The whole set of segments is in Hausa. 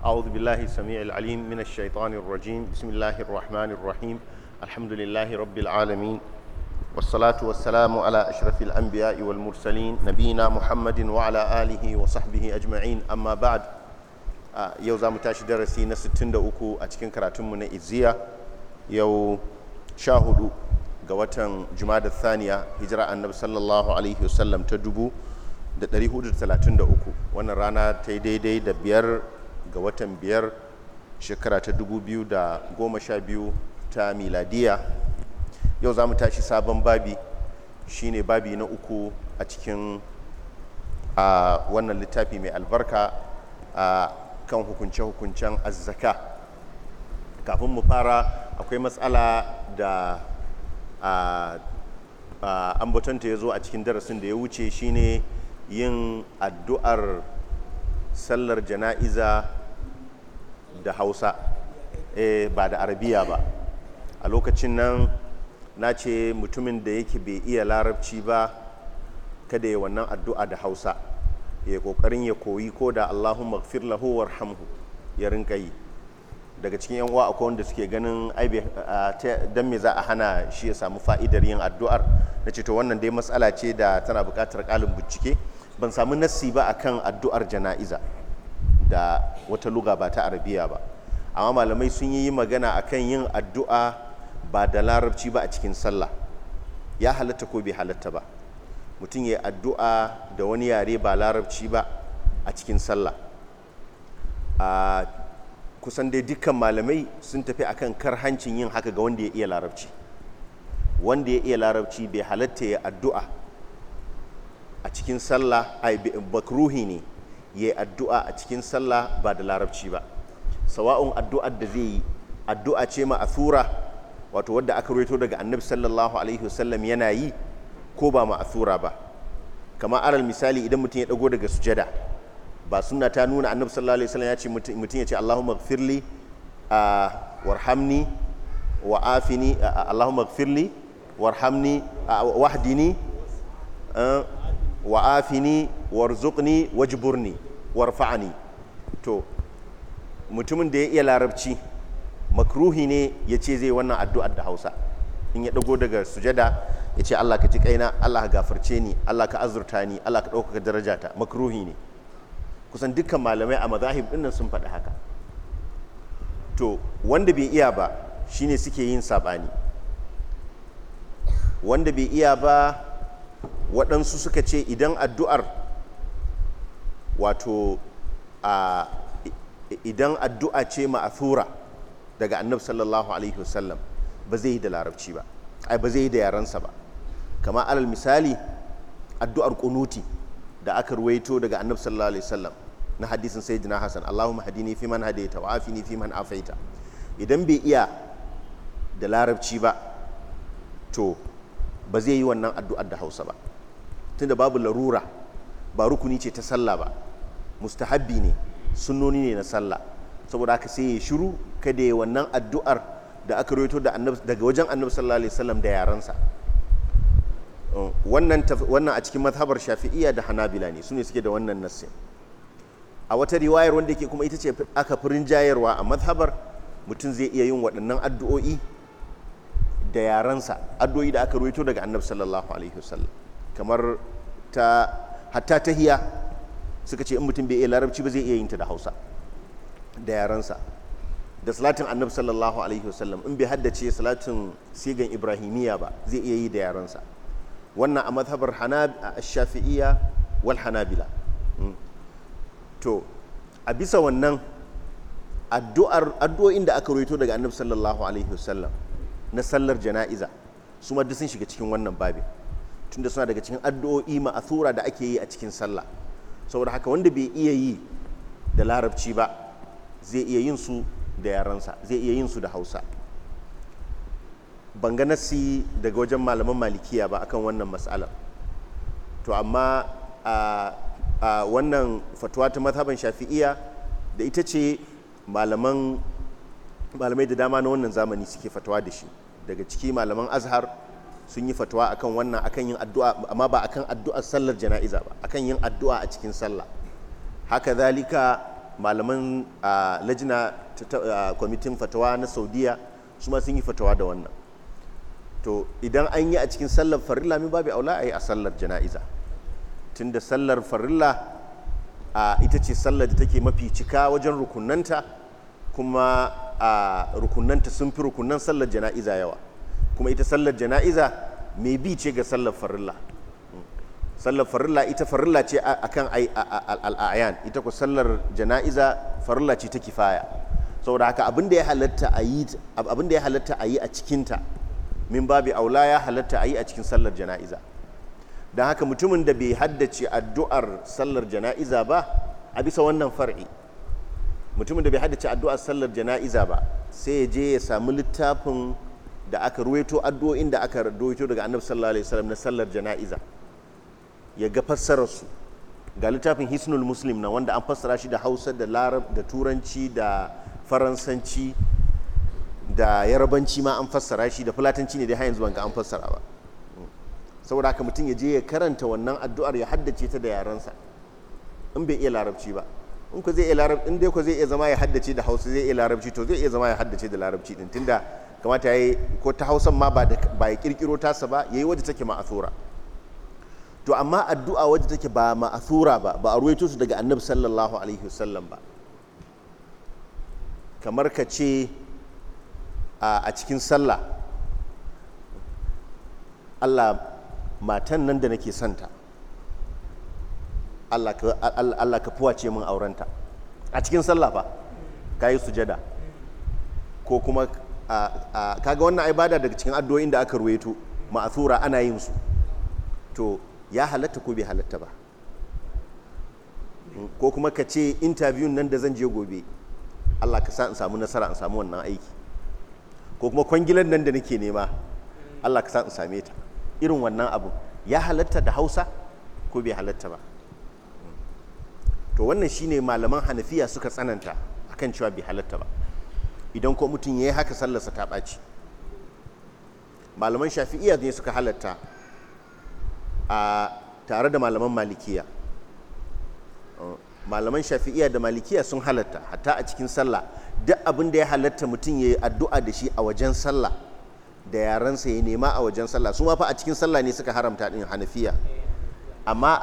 أعوذ بالله السميع العليم من الشيطان الرجيم بسم الله الرحمن الرحيم الحمد لله رب العالمين والصلاة والسلام على أشرف الأنبياء والمرسلين نبينا محمد وعلى آله وصحبه أجمعين أما بعد يوزا متاش درسي tashi darasi أتكن كراتم من إزيا يو شاهد izziya جماد الثانية ga النبي صلى الله عليه وسلم تدبو alaihi wasallam ta 433 wannan rana ta daidai da biyar ga watan biyar shekara ta 2012 ta miladiya yau za mu tashi sabon babi shine babi na uku a cikin wannan littafi mai albarka a kan hukunce-hukuncen azzaka kafin mu fara akwai matsala da a ambatonta ya zo a cikin darasin da ya wuce shine yin addu'ar sallar jana'iza da hausa e ba da arabiya ba a lokacin nan na ce mutumin da yake bai iya larabci ba kada ya wannan addu'a da hausa ya kokarin ya koyi ko da allahumma gfir lahu warhamhu ya rinka yi daga cikin yan uwa akwai wanda suke ganin aibe dan me za a hana shi ya samu fa'idar yin addu'ar na ce to wannan dai matsala ce da tana buƙatar ƙalin bincike ban samu nassi ba akan addu'ar jana'iza da wata luga ba ta arabiya ba amma malamai sun yi magana akan yin addu'a ba da larabci ba a cikin sallah ya halatta ko bai halatta ba mutum ya addu'a da wani yare ba larabci ba a cikin sallah a kusan dai dukkan malamai sun tafi akan karhancin yin haka ga wanda ya iya larabci wanda ya iya larabci bai halatta ya addu'a a cikin sallah ai bakruhi ne ya yi addu'a a cikin sallah ba da larabci ba sawa'un addu'ar da zai yi addu'a ce ma ma'athura wato wadda aka rito daga annabi sallallahu alaihi wasallam yana yi ko ba ma ma'athura ba kama aral misali idan mutum ya dago daga sujada ba suna ta nuna annabi sallallahu alaihi wasallam ya ce mutum ya ce Allahumma gfirli warhamni wa afini Allahumma gfirli warhamni wahdini wa afini warzuqni wajburni warfa'ani to mutumin da ya iya larabci makruhi ne ya ce zai wannan addu'ar da hausa in ya dago daga sujada ya ce allah ka ji kaina allah gafarce ni allah ka azurta ni allah ka daraja ta makruhi ne kusan dukkan malamai a mazahib dinnan sun faɗi haka to wanda bai iya ba shine suke yin saɓani wanda bai iya ba waɗansu suka ce idan addu'ar wato idan addu'a ce ma'athura daga annabi sallallahu alaihi wasallam ba zai yi da larabci ba ai ba zai yi da yarensa ba kama alal misali addu'ar kunuti da aka ruwaito daga annab sallallahu alaihi wasallam na hadisin sayyidina hasan allahumma hadini fi man hadaita wa afini fi man afaita idan bai iya da larabci ba to ba zai yi wannan addu'ar da hausa ba tunda babu larura ba rukuni ce ta sallah ba mustahabbi ne sunnoni ne na sallah saboda aka sai ya shiru kada ya wannan addu'ar da aka rawaito da daga wajen annabi sallallahu alaihi wasallam da yaransa wannan wannan a cikin mazhabar shafi'iyya da hanabila ne sune suke da wannan nassi a wata riwayar wanda yake kuma ita ce aka furin jayarwa a mazhabar mutum zai iya yin waɗannan addu'o'i da yaransa addu'o'i da aka rawaito daga annabi sallallahu alaihi wasallam kamar ta hatta tahiya suka ce in mutum bai iya larabci ba zai iya yin ta da hausa da yarensa da salatin annabi sallallahu alaihi wasallam in bai haddace salatin sigan ibrahimiya ba zai iya yi da yarensa wannan a mazhabar shafi'iyya wal hanabila hmm. to a bisa wannan addu'o'in da aka ruwaito daga annabi sallallahu alaihi wasallam na sallar jana'iza su ma duk sun shiga cikin wannan babin tunda suna daga cikin addu'o'i ma'athura da ake yi a cikin sallah saboda haka wanda bai iya yi da larabci ba zai iya yin su da yaransa zai iya yin su da hausa ban ga nasi daga wajen malaman malikiya ba akan wannan matsalar to amma a wannan fatuwa ta mazhaban shafi'iya da ita ce malaman malamai da dama na wannan zamani suke fatuwa da shi daga ciki malaman azhar sun yi fatawa akan wannan akan yin addu'a amma ba akan addu'ar sallar jana'iza ba akan yin addu'a a cikin sallah haka zalika malaman lajina kwamitin fatawa na saudiya su ma sun yi fatawa da wannan to idan an yi a cikin sallar farilla min babu aula a yi a sallar jana'iza tunda sallar farilla a ita ce sallar da take mafi cika wajen rukunanta kuma a rukunanta sun fi rukunan sallar jana'iza yawa kuma ita sallar jana'iza mai bi ce ga sallar farilla sallar farilla ita farilla ce kan al'ayan ita ku sallar jana'iza farilla ce ta kifaya saboda haka abinda ya halatta a yi abinda ya halatta a yi a cikinta min babi aula ya halatta a yi a cikin sallar jana'iza don haka mutumin da bai haddace addu'ar sallar jana'iza ba a bisa wannan far'i mutumin da bai haddace addu'ar sallar jana'iza ba sai ya je ya samu littafin da aka ruwaito addu'o'in da aka ruwaito daga annabi sallallahu alaihi wasallam na sallar jana'iza ya ga fassarar su ga littafin hisnul muslim na wanda an fassara shi da hausa da larab da turanci da faransanci da yarabanci ma an fassara shi da fulatanci ne dai har yanzu ga an fassara ba saboda haka mutum ya je ya karanta wannan addu'ar ya haddace ta da yarensa in bai iya larabci ba in ko zai iya larabci in dai ko zai iya zama ya haddace da hausa zai iya larabci to zai iya zama ya haddace da larabci din tunda kamata ya yi ko ta hausan ma ba ya kirkiro tasa ba ya yi wadda take ma'athura to amma addu'a wadda take ba ma'athura ba ba a ruwaito su daga annabi sallallahu alaihi wasallam ba kamar ka ce a cikin sallah allah matan nan da nake santa allah ka fuwace min aurenta a cikin sallah ba ka yi sujada ko kuma kaga wannan ibada daga cikin addu'o'in da aka ruwaito ma'athura ana yin su to ya halatta ko bai halatta ba hmm, ko kuma ka ce interview nan da zan je gobe Allah ka sa in samu nasara in samu wannan aiki ko kuma kwangilan nan da nake nema Allah ka sa in same ta irin wannan abu ya halatta da Hausa ko bai halatta ba hmm. to wannan shine malaman Hanafiya suka tsananta akan cewa bai halatta ba idan ko mutum ya yi haka sallarsa ta ɓaci malaman shafi'iyya ne suka halatta a tare da malaman malikiya malaman shafi'iya da malikiya sun halatta hatta a cikin sallah duk abin da ya halatta mutum ya yi addu'a da shi a wajen sallah da yaransa ya nema a wajen sallah su ma fa a cikin sallah ne suka haramta din hanafiya amma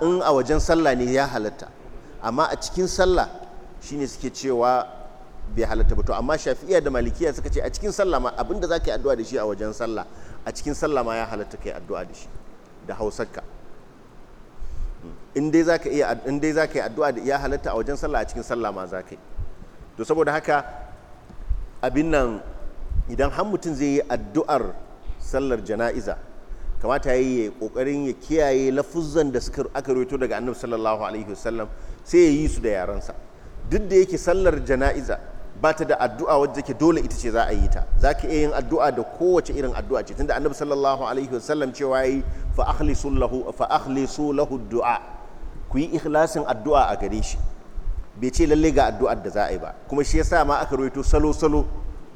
in a wajen sallah ne ya halatta amma a cikin sallah shine suke cewa bai halatta ba to amma shafi'iyya da malikiya suka ce a cikin sallah ma abinda za ka yi addu'a da shi a wajen sallah a cikin sallah ma ya halatta ka yi addu'a da shi da hausarka in dai za ka iya in dai za ka yi addu'a da ya halatta a wajen sallah a cikin sallah ma za ka yi to saboda haka abin nan idan har mutum zai yi addu'ar sallar jana'iza kamata ya yi kokarin ya kiyaye lafuzzan da suka aka rawaito daga annabi sallallahu alaihi wasallam sai ya yi su da yaransa duk da yake sallar jana'iza ba ta da addu'a wadda take dole ita ce za a yi ta za ka iya yin addu'a da kowace irin addu'a ce tunda annabi sallallahu alaihi wasallam cewa yi fa akhlisu lahu fa akhlisu lahu du'a ku yi ikhlasin addu'a a gare shi bai ce lalle ga addu'ar da za a yi ba kuma shi yasa ma aka ruwaito salo salo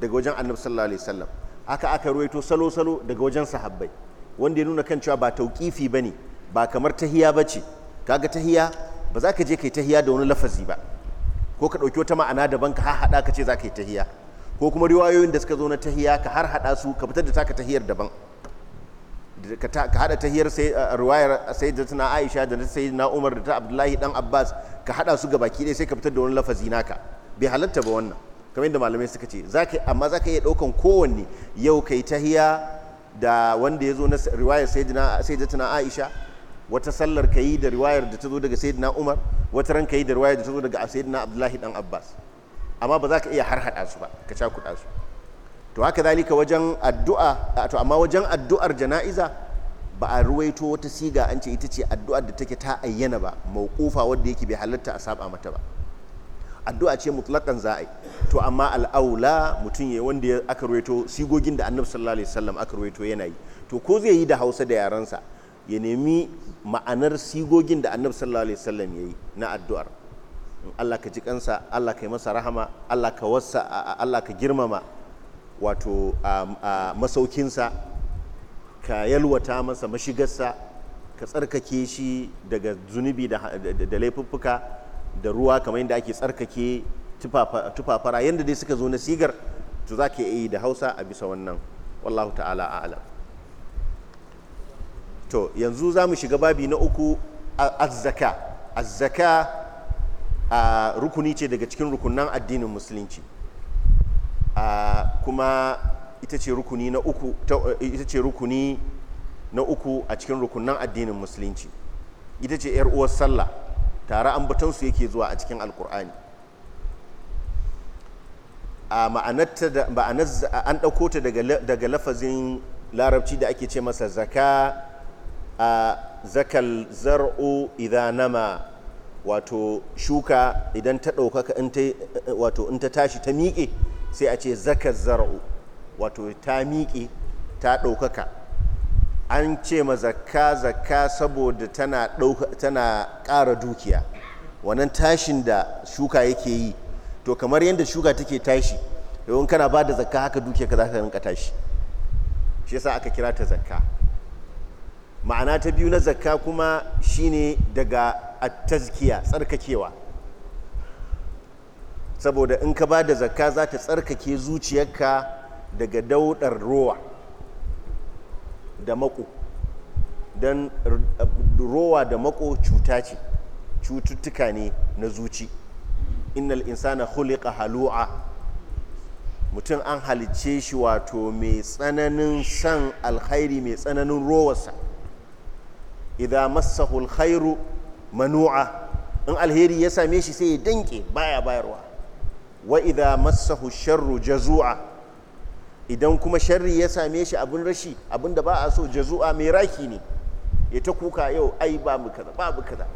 daga wajen annabi sallallahu alaihi wasallam haka aka ruwaito salo salo daga wajen sahabbai wanda ya nuna kan cewa ba tauqifi bane ba kamar tahiya bace kaga tahiya ba za ka je kai tahiya da wani lafazi ba ko ka ɗauki wata ma'ana daban ka har haɗa ka ce za ka yi tahiya ko kuma riwayoyin da suka zo na tahiya ka har haɗa su ka fitar da taka tahiyar daban ka haɗa tahiyar sai riwayar sayyidatuna Aisha da na Umar da ta Abdullahi dan Abbas ka haɗa su gabaki ɗaya sai ka fitar da wani lafazi naka bai halatta ba wannan kamar yadda malamai suka ce amma zaka iya ɗaukan kowanne yau kai tahiya da wanda ya zo na riwayar sayyidatuna Aisha wata sallar ka yi da riwayar da ta zo daga sayyidina umar wata ran ka yi da riwayar da ta zo daga sayyidina abdullahi dan abbas amma ba za ka iya harhaɗa su ba ka cakuɗa su to haka zalika wajen addu'a to amma wajen addu'ar jana'iza ba a ruwaito wata siga an ce ita ce addu'ar da take ta ayyana ba mauqufa wadda yake bai halatta a saba mata ba addu'a ce mutlakan za to amma al'aula mutum ya wanda aka ruwaito sigogin da annabi sallallahu alaihi wasallam aka ruwaito yana yi to ko zai yi da hausa da sa. ya nemi ma'anar sigogin da annabi sallallahu alaihi wasallam yayi na addu'ar Allah ka ji kansa Allah ka yi masa rahama Allah ka wasa Allah ka girmama wato masaukinsa ka yalwata masa mashigarsa ka tsarkake shi daga zunubi da laifuffuka da ruwa kamar yadda ake tsarkake tufafara yadda dai suka zo na sigar to za ka yi da hausa a bisa wannan wallahu ta'ala a'alam to yanzu za mu shiga babi na uku azzaka azzaka a rukuni ce daga cikin rukunan addinin musulunci kuma ita ce rukuni na uku ita ce rukuni na uku a cikin rukunan addinin musulunci ita ce yar uwar sallah tare an su yake zuwa a cikin alkur'ani a ma'anarta an ɗauko ta daga lafazin larabci da ake ce masa zaka a zakal zar'u idha nama wato shuka idan ta ɗaukaka wato in ta tashi ta miƙe sai a ce zakar zar'u wato ta miƙe ta ɗaukaka an ce ma zakka zakka saboda tana ƙara dukiya wannan tashin da shuka yake yi to kamar yadda shuka take tashi yawon kana ba da zakka haka dukiya ka za ka rinka tashi shi yasa aka kira ta zakka ma'ana ta biyu na zakka kuma shine daga attazkiya tsarkakewa saboda in ka ba da zakka za ta tsarkake zuciyarka daga daudar rowa da mako don rowa da mako cuta ce cututtuka ne na zuci innal insana khuliqa halu'a mutum an halicce shi wato mai tsananin san alkhairi mai tsananin rowarsa idza massahu alkhairu manu'a in alheri ya same shi sai ya danke baya bayarwa wa idza massahu sharru jazu'a idan kuma sharri ya same shi abin rashi abin da ba a so jazu'a mai raki ne ya ta kuka yau ai ba mu kaza ba mu kaza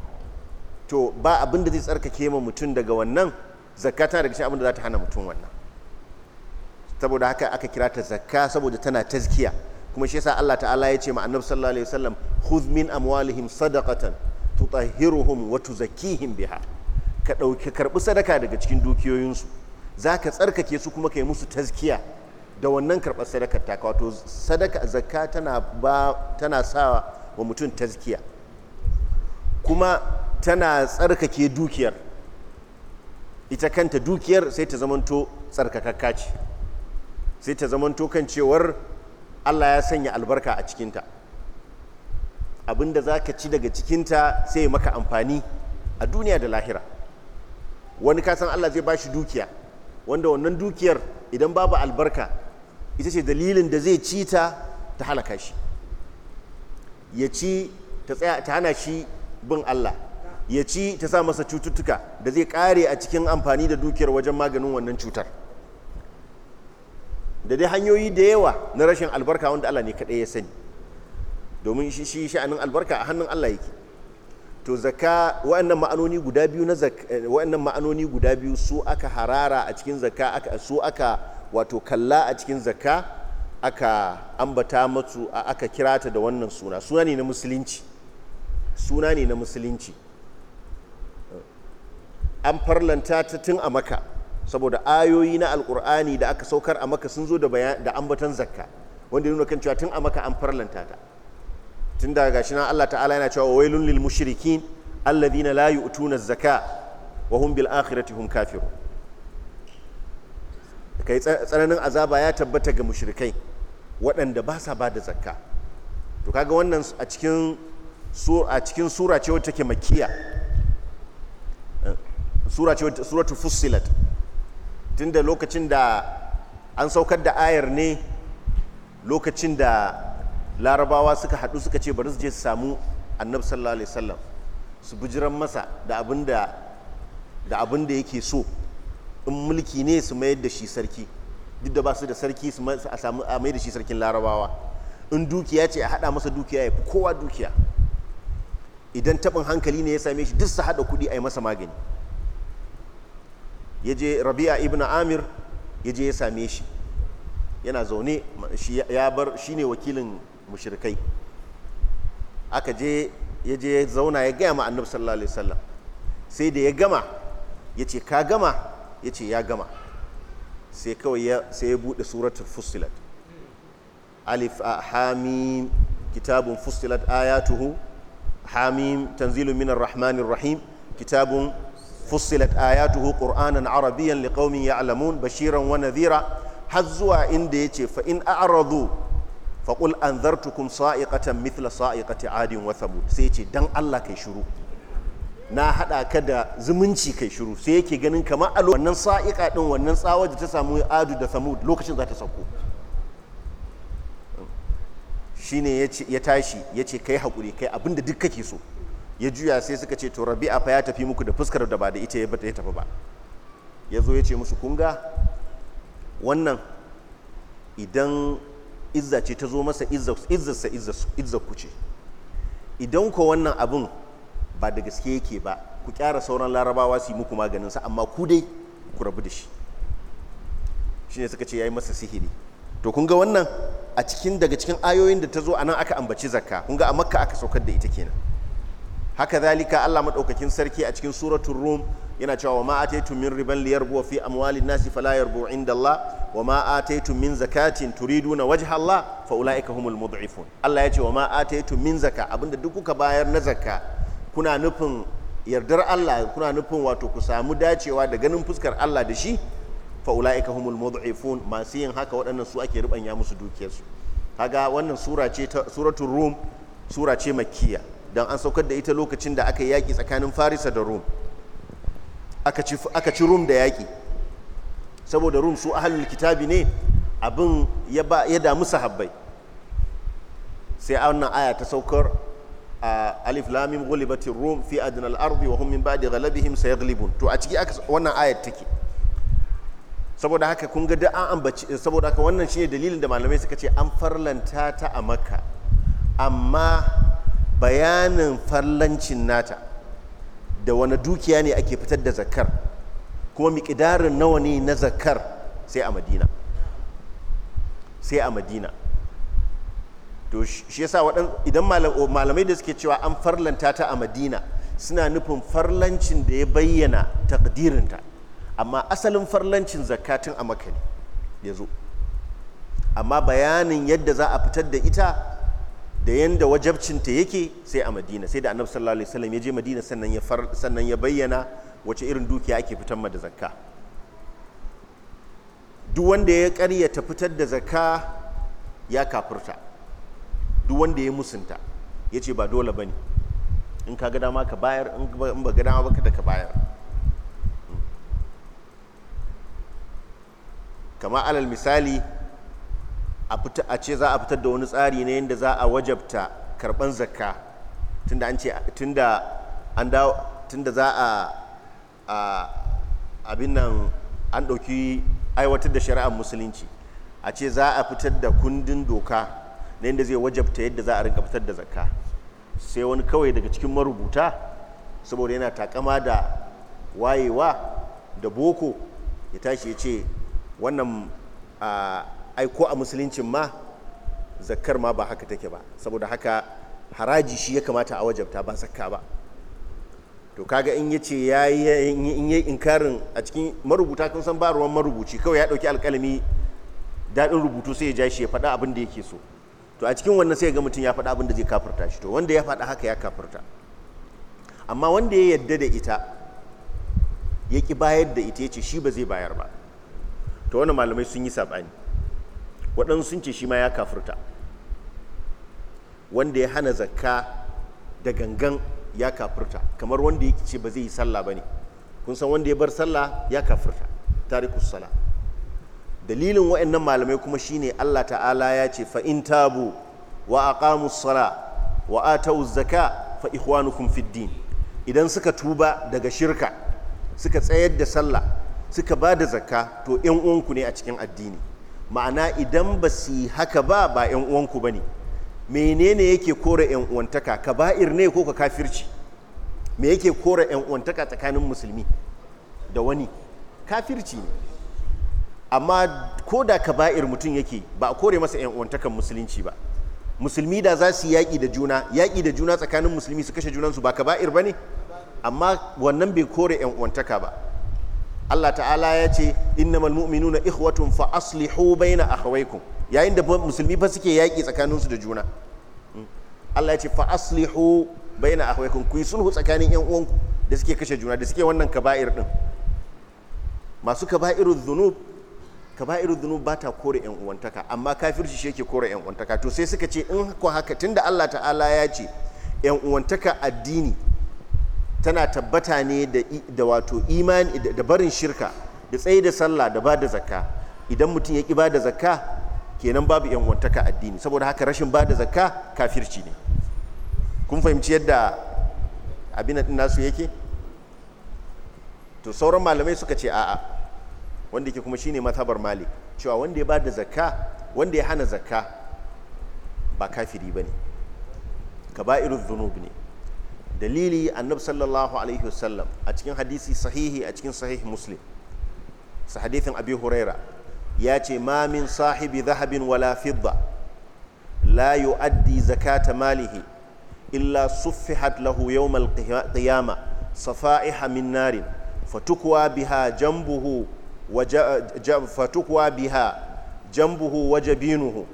to ba abin da zai tsarkake ma mutum daga wannan zakka tana daga cikin abin da za ta hana mutum wannan saboda haka aka kira ta zakka saboda tana tazkiya kuma shi yasa Allah ta'ala ya ce ma annabi sallallahu alaihi wasallam khudh min amwalihim sadaqatan tutahhiruhum wa tuzakkihim biha ka dauki karbi sadaka daga cikin dukiyoyin su zaka tsarkake su kuma kai musu tazkiya da wannan karbar sadakar ta wato sadaka zakka tana ba tana sa wa mutum tazkiya kuma tana tsarkake dukiyar ita kanta dukiyar sai ta zamanto tsarkakakka ce sai ta zamanto kan cewar Allah ya sanya albarka a cikinta abinda za ka ci daga cikinta sai ya maka amfani a duniya da lahira wani kasan Allah zai ba shi dukiya wanda wannan dukiyar idan babu albarka ita ce dalilin da zai ci ta ta halaka shi ya ci ta hana shi bin Allah ya ci ta sa masa cututtuka da zai kare a cikin amfani da dukiyar wajen maganin wannan cutar da dai hanyoyi da yawa na rashin albarka wanda Allah ne kaɗai ya sani domin shi shi sha'anin albarka a hannun Allah yake to zaka wa'annan ma'anoni guda biyu na eh, wa'annan ma'anoni guda biyu su aka harara a cikin zaka aka su aka wato kalla a cikin zaka aka ambata matsu aka kira ta da wannan suna suna ne na musulunci suna ne na musulunci an farlanta ta tun a maka saboda ayoyi na alkur'ani da aka saukar a maka sun zo da da ambatan zakka wanda nuna kan cewa tun a maka an farlanta ta tun daga gashi na Allah ta'ala yana cewa wailun lil mushrikin alladhina la yu'tuna zaka wa hum bil akhirati hum kafirun kai tsananin azaba ya tabbata ga mushrikai waɗanda ba sa ba da zakka to kaga wannan a cikin a cikin sura ce wacce take makkiya eh, sura ce suratul fussilat tunda lokacin da an saukar da ayar ne lokacin da larabawa suka haɗu suka ce bari su je su samu annab sallallahu alaihi wasallam su bijiran masa da abin da da abin da yake so in mulki ne su mayar da shi sarki duk da ba su da sarki su a samu a mayar da shi sarkin larabawa in dukiya ce a haɗa masa dukiya ya fi kowa dukiya idan taɓin hankali ne ya same shi duk su haɗa kuɗi a yi masa magani ya je rabi'a ibn amir ya je ya same shi yana zaune ya bar shi ne wakilin mushrikai aka je ya je ya zauna ya gaya ma sallallahu alaihi wasallam sai da ya gama ya ce ka gama ya ce ya gama sai kawai sai ya buɗe suratul fusilat alif a hamim kitabun fusilat ayatuhu hamim tanzilu minar rahmanir rahim kitabun fussilat ayatuhu qur'anan arabiyyan liqaumin ya'lamun bashiran wa nadhira har zuwa inda yace fa in a'radu fa qul anzartukum sa'iqatan mithla sa'iqati adin wa thamud sai yace dan Allah kai shiru na hada ka da zumunci kai shiru sai yake ganin kamar a wannan sa'iqa din wannan tsawar da ta samu adu da thamud lokacin za ta sauko shine ya tashi yace kai hakuri kai abinda duk kake so ya juya sai suka ce to rabi'a fa ya tafi muku da fuskar da ba da ita ya bata ya tafi ba ya zo ya ce musu kunga wannan idan izza ce ta zo masa izzarsa izzar ku ce idan ko wannan abin ba da gaske yake ba ku kyara sauran larabawa su yi muku maganinsa amma ku dai ku rabu da shi shi ne suka ce ya yi masa sihiri to kun ga wannan a cikin daga cikin ayoyin da ta zo a nan aka ambaci zakka kun ga a makka aka saukar da ita kenan haka zalika Allah madaukakin sarki a cikin suratul rum yana cewa wa ma ataitu min riban liyarbu fi amwalin nasi fala yarbu inda Allah wa ma ataitu min zakatin turiduna wajha Allah fa ulaika humul mud'ifun Allah ya ce wa ma ataitu min zaka abinda duk kuka bayar na zaka kuna nufin yardar Allah kuna nufin wato ku samu dacewa da ganin fuskar Allah da shi fa ulaika humul mud'ifun masu yin haka waɗannan su ake rubanya musu dukiyarsu kaga wannan sura ce suratul rum sura ce makkiyah don an saukar da ita lokacin da aka yi yaƙi tsakanin farisa da rum aka ci rum da yaƙi saboda rum su ahalul kitabi ne abin ya damu sahabbai sai wannan aya ta saukar a alif lamim gulibatin rum fi adnal ardi wa hum min ba'di sai sayaghlibun to a ciki wannan ayat take saboda haka kun ga da an ambaci saboda haka wannan shine dalilin da malamai suka ce an farlanta ta a makka amma bayanin farlancin nata da wani dukiya ne ake fitar da zakar kuma miƙidarin nawa ne na zakar sai a madina sai a madina to shi yasa waɗan idan malamai da suke cewa an farlanta ta a madina suna nufin farlancin da ya bayyana takdirinta amma asalin farlancin zakatun a makani ya zo amma bayanin yadda za a fitar da ita da yadda wajabcinta yake sai a madina sai da annabi sallallahu alaihi wasallam ya je madina sannan ya far sannan ya bayyana wace irin dukiya ake fitar ma da zakka duk wanda ya ta fitar da zakka ya kafirta duk wanda ya musunta yace ce ba dole bane in ka ga dama ka bayar in ba ga dama ba kada ka bayar kama alal misali a ce za a fitar da wani tsari ne yadda za a wajabta karban zakka tunda an ce tunda za a abin nan an ɗauki aiwatar da shari'ar musulunci a ce za a fitar da kundin doka na yadda zai wajabta yadda za a rinka fitar da zakka sai wani kawai daga cikin marubuta saboda yana takama da wayewa da boko ya tashi ya ce wannan ai ko a musuluncin ma zakkar ma ba haka take ba saboda haka haraji shi ya kamata a wajabta ba zakka ba to kaga in ya ce ya yi inkarin a cikin marubuta kan san ba ruwan marubuci kawai ya dauki alƙalami daɗin rubutu sai ya ja shi ya faɗa abin da yake so to a cikin wannan sai ga mutum ya faɗa abin da zai kafirta shi to wanda ya fada haka ya kafirta amma wanda ya yadda da ita ya ƙi bayar da ita ya ce shi ba zai bayar ba to wannan malamai sun yi saɓani waɗansu sun ce shi ma ya kafurta wanda ya hana zakka da gangan ya kafurta kamar wanda ya ce ba zai yi sallah ba ne kun san wanda ya bar sallah ya kafurta tarikus sala dalilin wa'annan malamai kuma shine Allah ta'ala ya ce fa in tabu wa aqamu sala wa atau fa ikhwanukum fid din idan suka tuba daga shirka suka tsayar da sallah suka ba da zakka to 'yan uwanku ne a cikin addini ma'ana idan ba su haka ba ba 'yan uwanku ba ne menene yake kora 'yan uwantaka ka ba'ir ne ko ka kafirci me yake kora 'yan uwantaka tsakanin musulmi da wani kafirci ne amma ko da ka ba'ir mutum yake ba a kore masa 'yan uwantakan musulunci ba musulmi da za su yaƙi da juna yaƙi da juna tsakanin musulmi su kashe junansu ba ka ba'ir ba ne amma wannan bai kore 'yan uwantaka ba Allah ta'ala ya ce innamal mu'minuna ikhwatun fa aslihu baina akhawaykum yayin da musulmi fa suke yaƙi tsakaninsu da juna Allah ya ce fa aslihu baina akhawaykum ku yi sulhu tsakanin yan uwanku da suke kashe juna da suke wannan kaba'ir din masu kaba'irul dhunub kaba'irul dhunub ba ta kore yan uwantaka amma kafirci shi yake kore yan uwantaka to sai suka ce in ku haka tunda Allah ta'ala ya ce yan uwantaka addini tana tabbata ne da wato imani da barin shirka da tsaye da sallah da ba da zakka idan mutum ya ki ba da zakka kenan babu yan wantaka addini saboda haka rashin ba da zakka kafirci ne kun fahimci yadda abin da nasu yake to sauran malamai suka ce a'a wanda yake kuma shine mazhabar malik cewa wanda ya ba da zakka wanda ya hana zakka ba kafiri bane kaba'iruz zunub ne dalili annabi sallallahu alaihi wasallam a cikin hadisi sahihi a cikin sahih muslim sa hadithin abi huraira ya ce ma min sahibi zahabin wala fidda la yu'addi zakata malihi illa suffihat lahu yawmal qiyama safa'iha min narin fatukwa biha jambuhu fatukwa biha jambuhu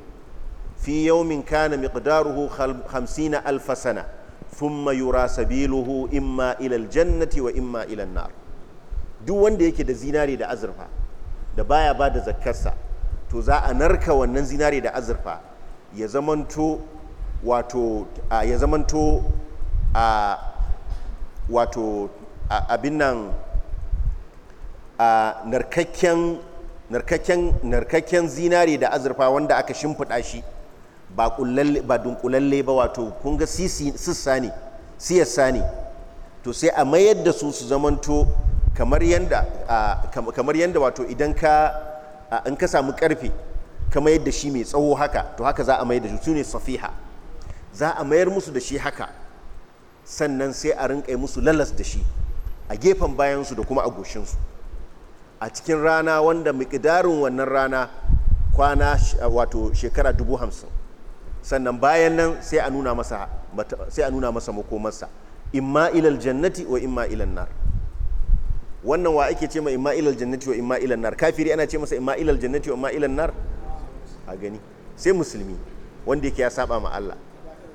fi yawmin kana miqdaruhu 50 alf sana thumma yura sabiluhu imma ila aljannati wa imma ila nar duk wanda yake da zinare da azurfa da baya ba da zakarsa to za a narka wannan zinare da azurfa ya zamanto wato ya zamanto a wato abin nan a narkakken narkakken narkakken zinare da azurfa wanda aka shimfiɗa shi ba ba dunkulalle ba wato kunga ga sissa ne siyasa ne to sai a mayar da su su zamanto kamar yadda wato idan ka in ka samu karfe ka mayar da shi mai tsawo haka to haka za a mayar da su ne safiha za a mayar musu da shi haka sannan sai a rinƙa musu lalas da shi a gefen bayansu da kuma a goshinsu a cikin rana wanda miƙidarin wannan rana kwana wato shekara dubu hamsin sannan bayan nan sai a nuna masa sai a nuna masa makomarsa imma ilal jannati wa imma ilal nar wannan wa ake ce ma imma ilal jannati wa imma ilal nar kafiri ana ce masa imma ilal jannati wa imma ilal nar a gani sai musulmi wanda yake ya saba ma Allah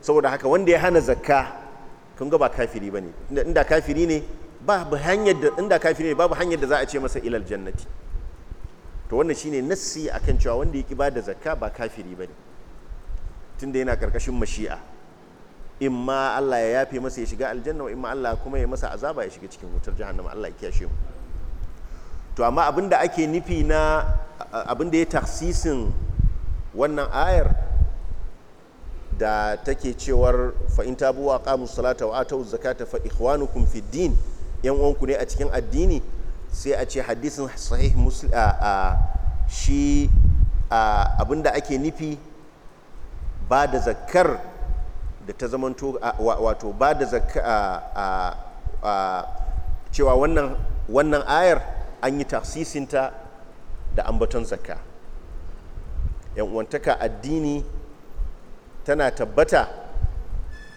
saboda haka wanda ya hana zakka kun ga ba kafiri bane inda kafiri ne babu hanyar da inda kafiri ne babu hanyar da za a ce masa ilal jannati to wannan shine nassi akan cewa wanda ya ba da zakka ba kafiri bane tunda yana karkashin mashi'a imma Allah ya yafe masa ya shiga aljanna wa imma Allah kuma ya masa azaba ya shiga cikin wutar jahannama Allah ya kiyashe mu to amma abin da ake nufi na abin da ya taksisin wannan ayar da take cewar fa in tabu wa qamu salata wa atu zakata fa ikhwanukum fi din yan uwanku ne a cikin addini sai a ce hadisin sahih muslim shi abin ake nufi ba da zakar da ta zamanto wato ba da cewa wannan wannan ayar an yi tafsisinta da ambaton zakka uwantaka addini tana tabbata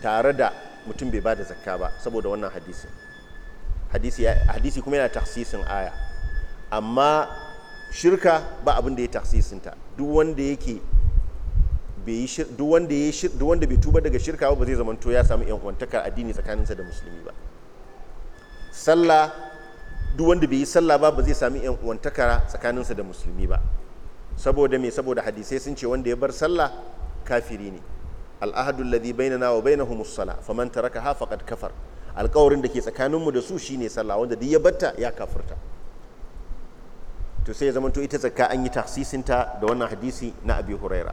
tare da mutum bai ba da zakka ba saboda wannan hadisi hadisi kuma yana tafsisin aya amma shirka ba abinda da ya tafsisinta duk wanda yake duk wanda bai tuba daga shirka ba zai zamanto ya samu yan uwantaka addini tsakaninsa da musulmi ba sallah duk wanda bai yi sallah ba ba zai sami yan uwantaka tsakaninsa da musulmi ba saboda me saboda hadisai sun ce wanda ya bar sallah kafiri ne al'ahadu ladhi bainana wa as sala faman tarakaha faqad kafar alƙawarin da ke tsakaninmu da su shine sallah wanda duk ya batta ya kafirta to sai ya zamanto ita zakka an yi tahsisinta da wannan hadisi na abi huraira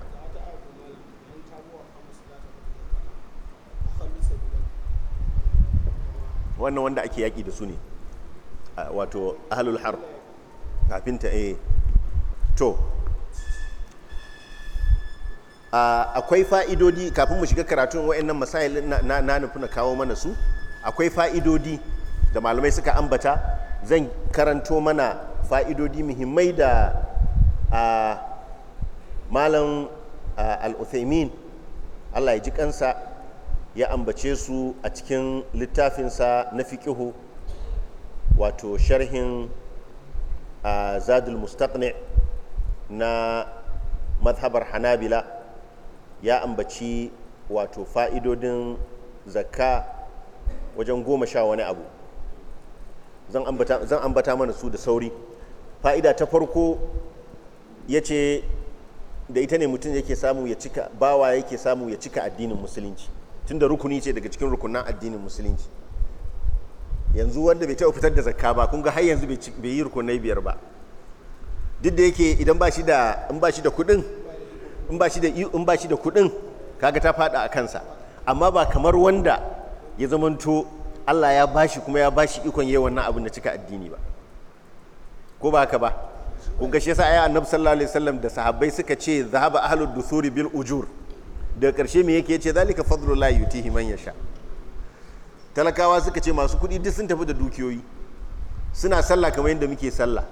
wannan wanda ake yaƙi da su ne wato ahalul har kafin ta eh to akwai fa'idodi kafin mu shiga karatun nan masayil na nufi na kawo mana su akwai fa'idodi da malamai suka ambata zan karanto mana fa'idodi muhimmai da malam al allah ya ji kansa ya ambace su a cikin littafinsa na fiƙihu wato sharhin a zadul mustaqni na mazhabar hanabila ya ambaci wato fa'idodin zakka wajen goma sha wani abu zan ambata mana su da sauri fa'ida ta farko ya ce da ita ne mutum yake samu ya cika bawa yake samu ya cika addinin musulunci tunda rukuni ce daga cikin rukunan addinin musulunci yanzu wanda bai taɓa fitar da zakka ba kun ga har yanzu bai yi rukunai biyar ba duk da yake idan ba shi da in ba shi da kuɗin in ba shi da in ba shi da kuɗin kaga ta faɗa a kansa amma ba kamar wanda ya zamanto Allah ya bashi kuma ya bashi ikon yayi wannan abin da cika addini ba ko ba haka ba kun ga shi yasa ayi annabi sallallahu alaihi wasallam da sahabbai suka ce zahaba ahlud dusuri bil ujur da karshe me yake ce zalika la yutihi man yasha talakawa suka ce masu kuɗi duk sun tafi da dukiyoyi suna sallah kamar yadda muke sallah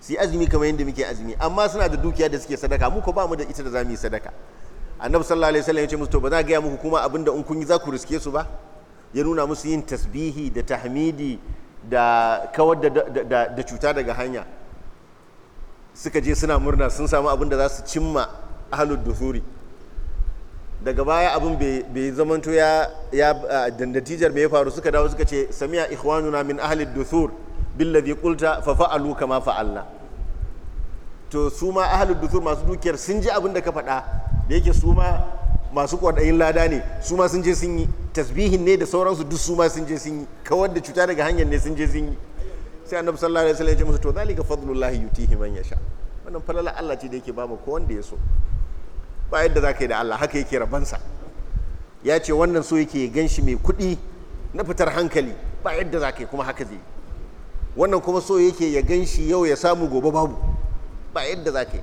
su azumi kamar yadda muke azumi amma suna da dukiya da suke sadaka mu ko ba mu da ita da za mu yi sadaka annabi sallallahu alaihi wasallam ya ce musu to ba za ga gaya muku kuma abin da in kun yi za ku riske su ba ya nuna musu yin tasbihi da tahmidi da kawar da cuta daga hanya suka je suna murna sun samu abin da za su cimma ahlud duhuri daga baya abin bai zamanto ya ya dandatijar mai faru suka dawo suka ce samiya ikhwanuna min ahli duthur billadhi qulta fa fa'alu kama fa'alna to su ma ahli dusur masu dukiyar sun ji abin da ka faɗa da yake su ma masu kwaɗayin lada ne su ma sun je sun yi tasbihin ne da sauransu duk su ma sun je sun yi kawar da cuta daga hanyar ne sun je sun yi sai annabi sallallahu alaihi wasallam ya ce musu to zalika fadlullahi yutihi man yasha wannan falala Allah ce da yake ba mu ko wanda ya so ba yadda za ka yi da Allah haka yake rabansa ya ce wannan so yake gan shi mai kuɗi na fitar hankali ba yadda za ka yi kuma haka zai wannan kuma so yake ya gan shi yau ya samu gobe babu ba yadda za ka yi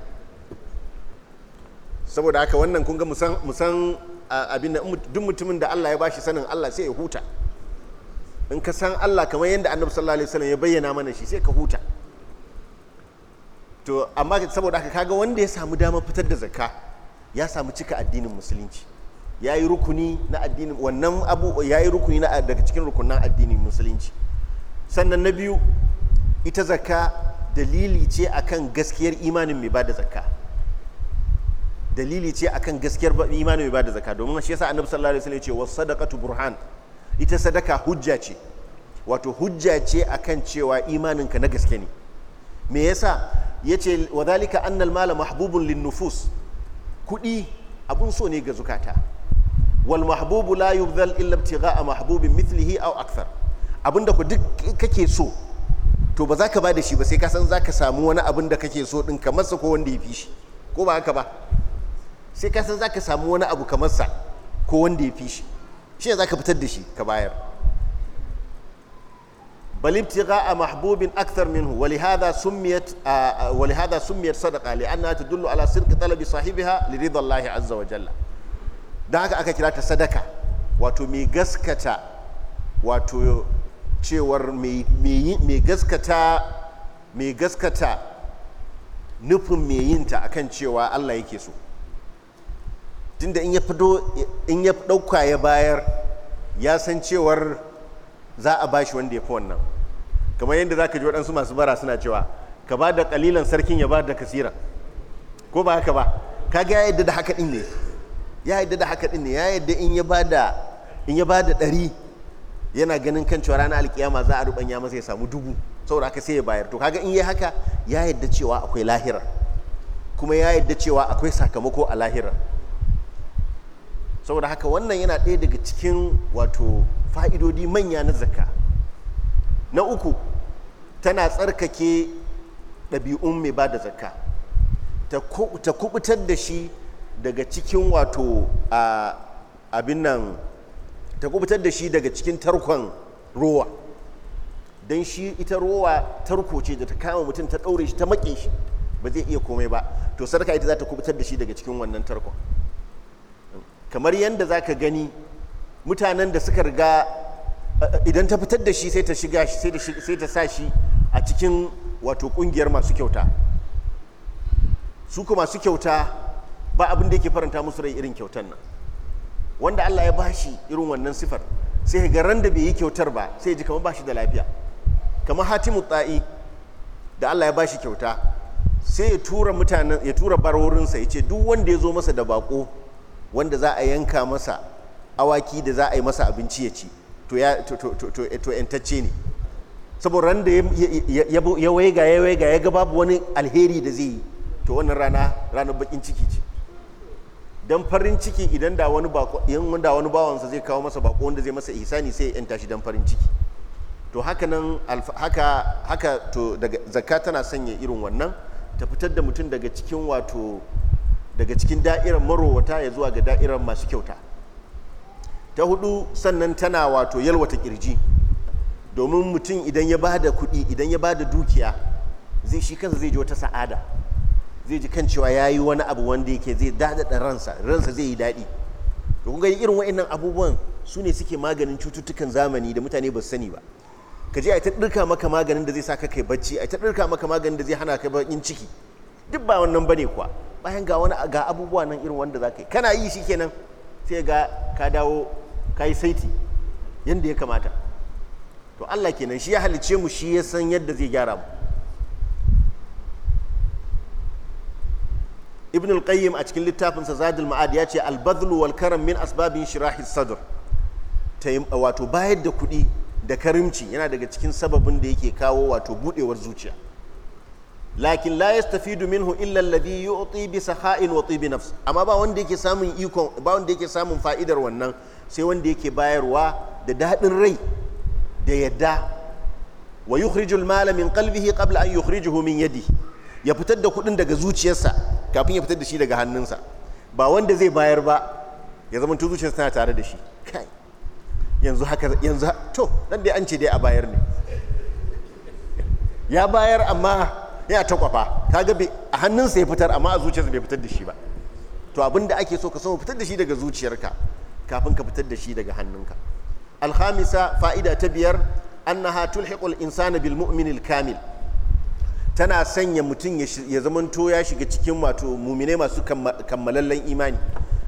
saboda haka wannan kun ga musan abin da duk mutumin da Allah ya bashi sanin Allah sai ya huta in ka san Allah kamar yadda annabi sallallahu alaihi wasallam ya bayyana mana shi sai ka huta to amma saboda haka kaga wanda ya samu damar fitar da zakka ya samu cika addinin musulunci ya yi rukuni na addinin wannan abu ya yi rukuni na daga cikin rukunan addinin musulunci sannan na biyu ita zakka dalili ce akan gaskiyar imanin mai bada zakka dalili ce akan gaskiyar imanin mai bada zakka domin shi yasa annabi sallallahu alaihi wasallam ya ce sadaka sadaqatu burhan ita sadaka hujja ce wato hujja ce akan cewa imaninka na gaske ne me yasa yace wadhalika annal mala mahbubun lin nufus kuɗi abun so ne ga zukata wal mahbubu la yubdhal illa ibtigha'a mahbubin mithlihi aw akthar abinda ku duk kake so to ba za ka ba da shi ba sai ka san za ka samu wani abin da kake so din kamar sa ko wanda ya fi shi ko ba haka ba sai ka san za ka samu wani abu kamar sa ko wanda ya fi shi shi ne za ka fitar da shi ka bayar balibtiga a mahbubin akthar minhu walihada summiyat walihada summiyat sadaqa talabi sahibiha li ridallahi dan haka aka kira ta sadaka wato mai gaskata wato cewar mai gaskata mai gaskata nufin mai yinta akan cewa Allah yake so tunda in ya ɗauka ya bayar ya san cewar za a bashi wanda ya fi wannan kamar yadda za ka ji waɗansu masu bara suna cewa ka ba da ƙalilan sarkin ya ba da kasira ko ba haka ba ka ga ya yadda da haka ɗin ne ya yadda da haka ɗin ne ya yadda in ya ba da in ya bada ɗari yana ganin kan cewa ranar alkiyama za a ya masa ya samu dubu saboda haka sai ya bayar to kaga in yi haka ya yadda cewa akwai lahira kuma ya yadda cewa akwai sakamako a lahira saboda haka wannan yana ɗaya daga cikin wato fa'idodi manya na zakka na uku tana tsarkake ɗabi'un mai ba da zakka ta kubutar da shi daga cikin wato abin nan ta kubutar da shi daga cikin tarkon rowa don shi ita rowa tarko ce da ta kama mutum ta ɗaure shi ta maƙe shi ba zai iya komai ba to sarka ita za ta kubutar da shi daga cikin wannan tarkon kamar yadda za ka gani mutanen da suka riga idan ta fitar da shi sai ta shiga sai ta sa shi a cikin wato kungiyar masu kyauta su kuma masu kyauta ba abin da yake faranta musu rai irin kyautar nan wanda Allah ya bashi irin wannan sifar sai ga ran da bai yi kyautar ba sai ji kamar bashi da lafiya kamar hatimu tsa'i da Allah ya bashi kyauta sai ya tura mutanen ya tura barorinsa ya ce duk wanda ya zo masa da bako wanda za a yanka masa awaki da za a yi masa abinci ya ci to ya to yantacce ne saboda ran da ya waiga ya waiga ya ga babu wani alheri da zai yi to wannan rana ranar bakin ciki ce dan farin ciki idan da wani bako da wani bawansa zai kawo masa bako wanda zai masa ihsani sai ya tashi dan farin ciki to haka nan haka haka to daga zakka tana sanya irin wannan ta fitar da mutum daga cikin wato daga cikin da'irar marowata ya zuwa ga da'irar masu kyauta ta hudu sannan tana wato yalwata kirji domin mutum idan ya ba da kuɗi idan ya ba da dukiya zai shi kansa zai ji wata sa'ada zai ji kan cewa ya yi wani abu wanda yake zai daɗaɗa ransa ransa zai yi daɗi to kun ga irin wa'annan abubuwan su ne suke maganin cututtukan zamani da mutane ba su sani ba ka je a ta ɗirka maka maganin da zai sa kai bacci a ta ɗirka maka maganin da zai hana ka bakin ciki duk ba wannan bane kuwa bayan ga wani ga abubuwa nan irin wanda za ka yi kana yi shi kenan sai ga ka dawo ka yi saiti yadda ya kamata to Allah kenan shi ya halice mu shi ya san yadda zai gyara mu ibn al-qayyim a cikin littafinsa zadul ma'ad ya ce al-badlu wal karam min asbabin shirahi sadr wato bayar da kuɗi da karimci yana daga cikin sababin da yake kawo wato buɗewar zuciya lakin la yastafidu minhu illa alladhi yu'ti bi sakha'in wa tibi nafs amma ba wanda yake samun ikon ba wanda yake samun fa'idar wannan sai wanda yake bayarwa da daɗin rai da yadda wa yukhrijul mala min qalbihi qabla an yukhrijuhu min yadi ya fitar da kuɗin daga zuciyarsa kafin ya fitar da shi daga hannunsa ba wanda zai bayar ba ya zama zuciyarsa tana tare da shi kai yanzu haka yanzu to dan dai an ce dai a bayar ne ya bayar amma ya ta kwafa kaga a hannunsa ya fitar amma a zuciyarsa bai fitar da shi ba to abinda da ake so ka so fitar da shi daga zuciyarka kafin ka fitar da shi daga hannunka alhamisa fa'ida ta biyar annaha tulhiqul insana bil mu'minil kamil tana sanya mutum ya zamanto ya shiga cikin wato mumine masu kammalallen imani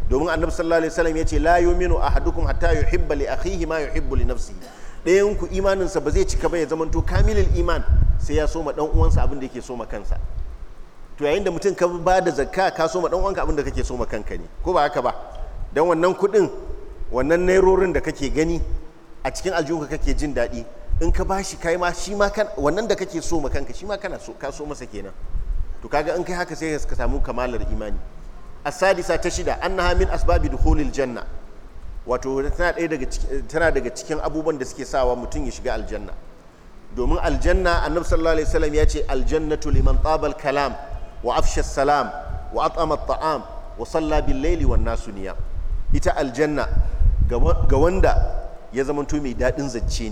domin annabi sallallahu alaihi wasallam yace la yu'minu ahadukum hatta yuhibba li akhihi ma yuhibbu li nafsihi Dayan ku imaninsa ba zai cika ba ya zamanto kamilul iman sai ya soma dan uwansa abin da yake soma kansa to yayin da mutum ka ba da zakka ka soma dan uwanka abin da kake soma kanka ne ko ba haka ba don wannan kuɗin wannan nairorin da kake gani a cikin aljihunka kake jin daɗi in ka bashi kai ma shi ma kan wannan da kake so ma shi ma kana so ka so masa kenan to kaga in kai haka sai ka samu kamalar imani asadisa ta shida annaha min asbabi dukhulil janna wato tana ɗaya daga tana daga cikin abubuwan da suke sawa mutum ya shiga aljanna domin aljanna annabi sallallahu alaihi wasallam ya ce aljannatu liman tabal kalam wa afsha salam wa at'ama at wa salla bil-laili wan nasu niyam ita aljanna ga wanda ya zamanto mai daɗin zance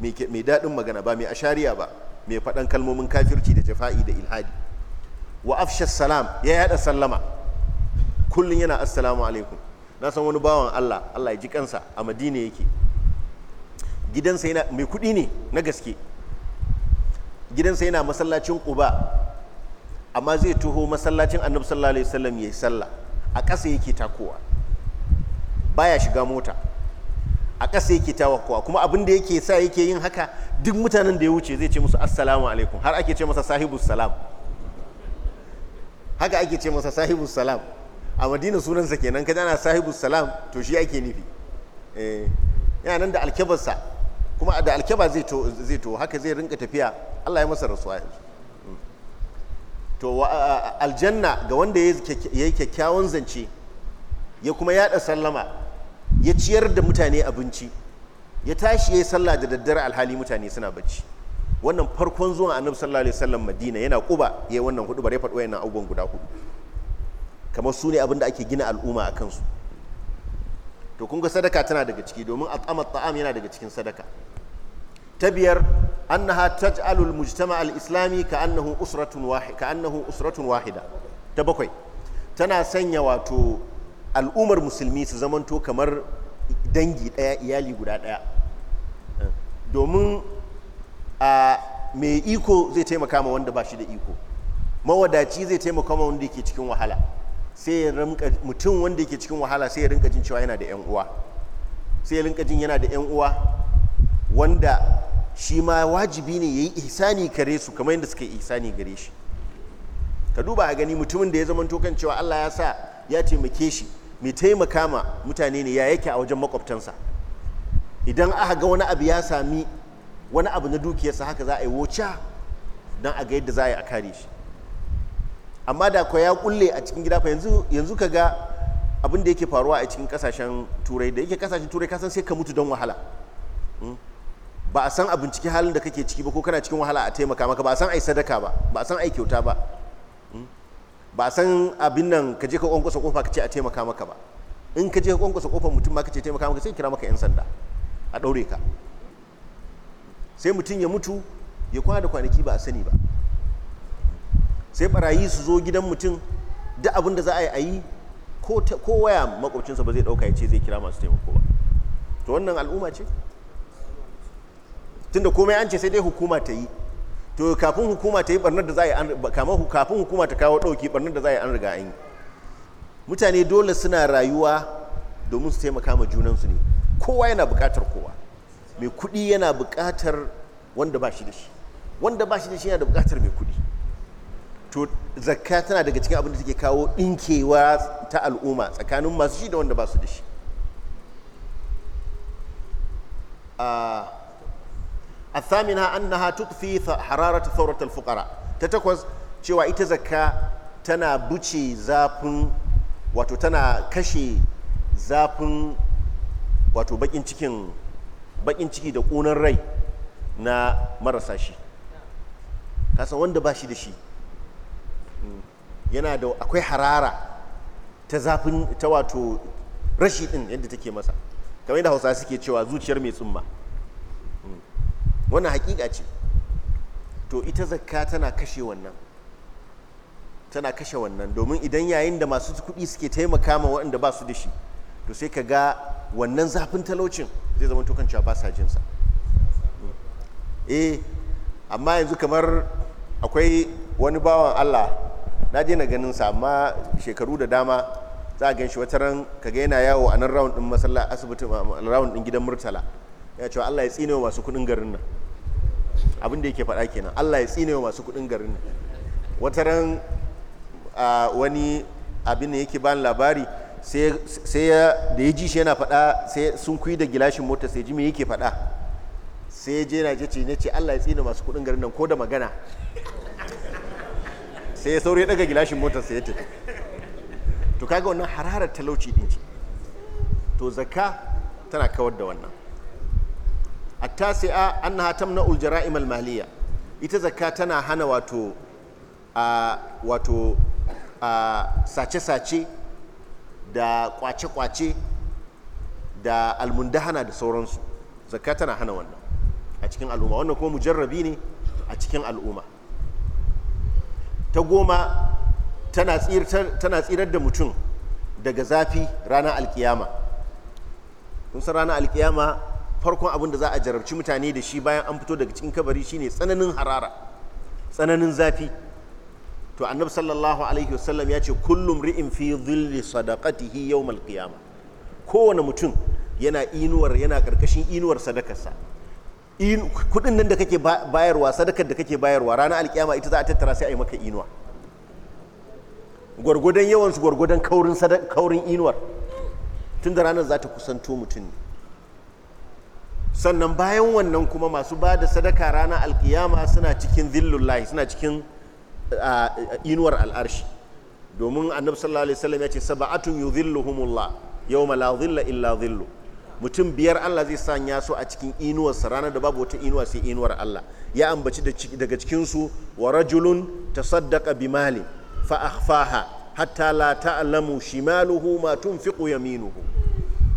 ne mai daɗin magana ba mai ashariya ba mai faɗan kalmomin kafirci da jafa'i da ilhadi wa afsha salam ya yada sallama kullum yana assalamu alaikum na san wani bawan Allah Allah ya ji kansa a Madina yake gidansa yana mai kuɗi ne na gaske gidansa yana masallacin kuba amma zai tuho masallacin Annabi sallallahu alaihi wasallam yi sallah a ƙasa yake takowa baya shiga mota a ƙasa yake kowa kuma abin da yake sa yake yin haka duk mutanen da ya wuce zai ce musu assalamu alaikum har ake ce masa sahibu salam haka ake ce masa sahibu salam a madina sunansa kenan ka ana sahibu salam to shi ake nufi eh, yana nan da alkebarsa kuma da alkeba zai to haka zai rinka tafiya allah ya masa rasuwa yanzu mm. to aljanna ga wanda ya yi kyakkyawan zance ya kuma yada sallama ya ciyar da mutane abinci ya tashi ya yi sallah da daddare alhali mutane suna bacci wannan farkon zuwa annabi sallallahu alaihi wasallam madina yana kuba ya yi wannan hudu bare faɗi yana abubuwan guda hudu kamar su ne abin da ake gina al'umma a kansu to kun ga sadaka tana daga ciki domin at'amat ta'am yana daga cikin sadaka ta biyar annaha taj'alu al-mujtama al-islami ka usratun usratun wahida ta bakwai tana sanya wato al'ummar musulmi su zamanto kamar dangi daya iyali guda daya domin a mai iko zai taimaka ma wanda ba shi da iko mawadaci zai taimaka ma wanda yake cikin wahala sai mutum wanda yake cikin wahala sai ya rinka jin cewa yana da yan uwa sai ya rinka jin yana da yan uwa wanda shi ma wajibi ne ya yi ihsani kare su kamar yadda suka yi ihsani gare shi ka duba a gani mutumin da ya zama kan cewa Allah ya sa ya taimake shi mai taimaka ma mutane ne ya yake a wajen makwabtansa idan aka ga wani abu ya sami wani abu na dukiyarsa haka za a yi wuca don a ga yadda za a yi a kare shi amma da kwa ya kulle a cikin gida fa yanzu ka ga abin da yake faruwa a cikin kasashen turai da yake kasashen turai kasan sai ka mutu don wahala hmm? ba a san abin halin da kake ciki ba ko kana cikin wahala a taimaka maka ba a san ai sadaka ba ba a san ai kyauta ba ba san abin nan ka je ka kwankwasa kofa ka ce a taimaka maka ba in ka je ka kwankwasa kofa mutum ma ka ce taimaka maka sai kira maka yan sanda a ɗaure ka sai mutum ya mutu ya kwana da kwanaki ba a sani ba sai barayi su zo gidan mutum duk abin da za a yi a yi ko waya makwabcinsa ba zai ɗauka ya ce zai kira masu taimako ba to wannan al'umma ce tunda komai an ce sai dai hukuma ta yi to kafin hukuma ta yi barnar da za a yi kafin hukuma ta kawo ɗauki barnar da za a yi an riga an yi mutane dole suna rayuwa domin su taimaka ma junansu ne kowa yana buƙatar kowa mai kuɗi yana buƙatar wanda ba shi da shi wanda ba shi da shi yana da buƙatar mai kuɗi to zakka tana daga cikin abin da take kawo ɗinkewa ta al'umma tsakanin masu shi da wanda ba su da shi ah, athamina annaha tukfi hararata thawratul fuqara ta takwas cewa ita zakka tana buce zafin wato tana kashe zafin wato bakin cikin bakin ciki da ƙunan rai na marasa shi kasa wanda ba shi da shi yana da akwai harara ta zafin ta wato rashi din yadda take masa kamar yadda hausa suke cewa zuciyar mai tsumma wannan hakika ce to ita zakka tana kashe wannan tana kashe wannan domin idan yayin da masu kuɗi suke taimaka ma waɗanda ba su da shi to sai ka ga wannan zafin talaucin zai zama to cewa ba sa jinsa eh amma yanzu kamar akwai wani bawan Allah na je na ganin sa amma shekaru da dama za a ganshi wata ran kaga yana yawo a nan round din masallaci asibitin round din gidan Murtala ya cewa Allah ya tsine masu kuɗin garin nan Abinda yake faɗa kenan Allah ya tsine wa masu kuɗin garin wata ran wani abin da yake ban labari sai ya da ya ji shi yana faɗa sai sun kuyi da gilashin mota sai ji me yake faɗa sai ya je na je ce ce Allah ya tsine masu kuɗin garin nan ko da magana sai ya saurayi daga gilashin motar sai ya tafi to kaga wannan hararar talauci din ce to zakka tana kawar da wannan التاسعة أنها hatam na المالية imal تنا ita واتو tana hana wato sace-sace da kwace-kwace da almundahana da sauransu zakka tana hana wannan a cikin al'umma wannan kuma mujarrabi ne a cikin al'umma ta goma tana tsirar da mutum daga zafi ranar alkiyama kun san ranar alkiyama farkon abin da za a jarabci mutane da shi bayan an fito daga cikin kabari shine tsananin harara tsananin zafi to annabi sallallahu alaihi wasallam ya ce kullum ri'in fi dhilli sadaqatihi yawmal qiyama kowane mutum yana inuwar yana karkashin inuwar sadakarsa kudin nan da kake bayarwa sadakar da kake bayarwa ranar alkiyama ita za a tattara sai a yi maka inuwa gwargwadon yawansu gwargwadon kaurin inuwar tun da ranar za ta kusanto mutum ne sannan bayan wannan kuma masu ba da sadaka ranar alkiyama suna cikin zillullahi suna cikin inuwar al'arshi domin annabi sallallahu alaihi wasallam ya ce sab'atun yudhilluhumullah yawma la dhilla illa dhillu mutum biyar Allah zai sanya su a cikin inuwar sa ranar da babu wata inuwa sai inuwar Allah ya ambaci daga cikin su wa rajulun tasaddaqa bimali fa akhfaha hatta la ta'lamu shimaluhu ma tunfiqu yaminuhu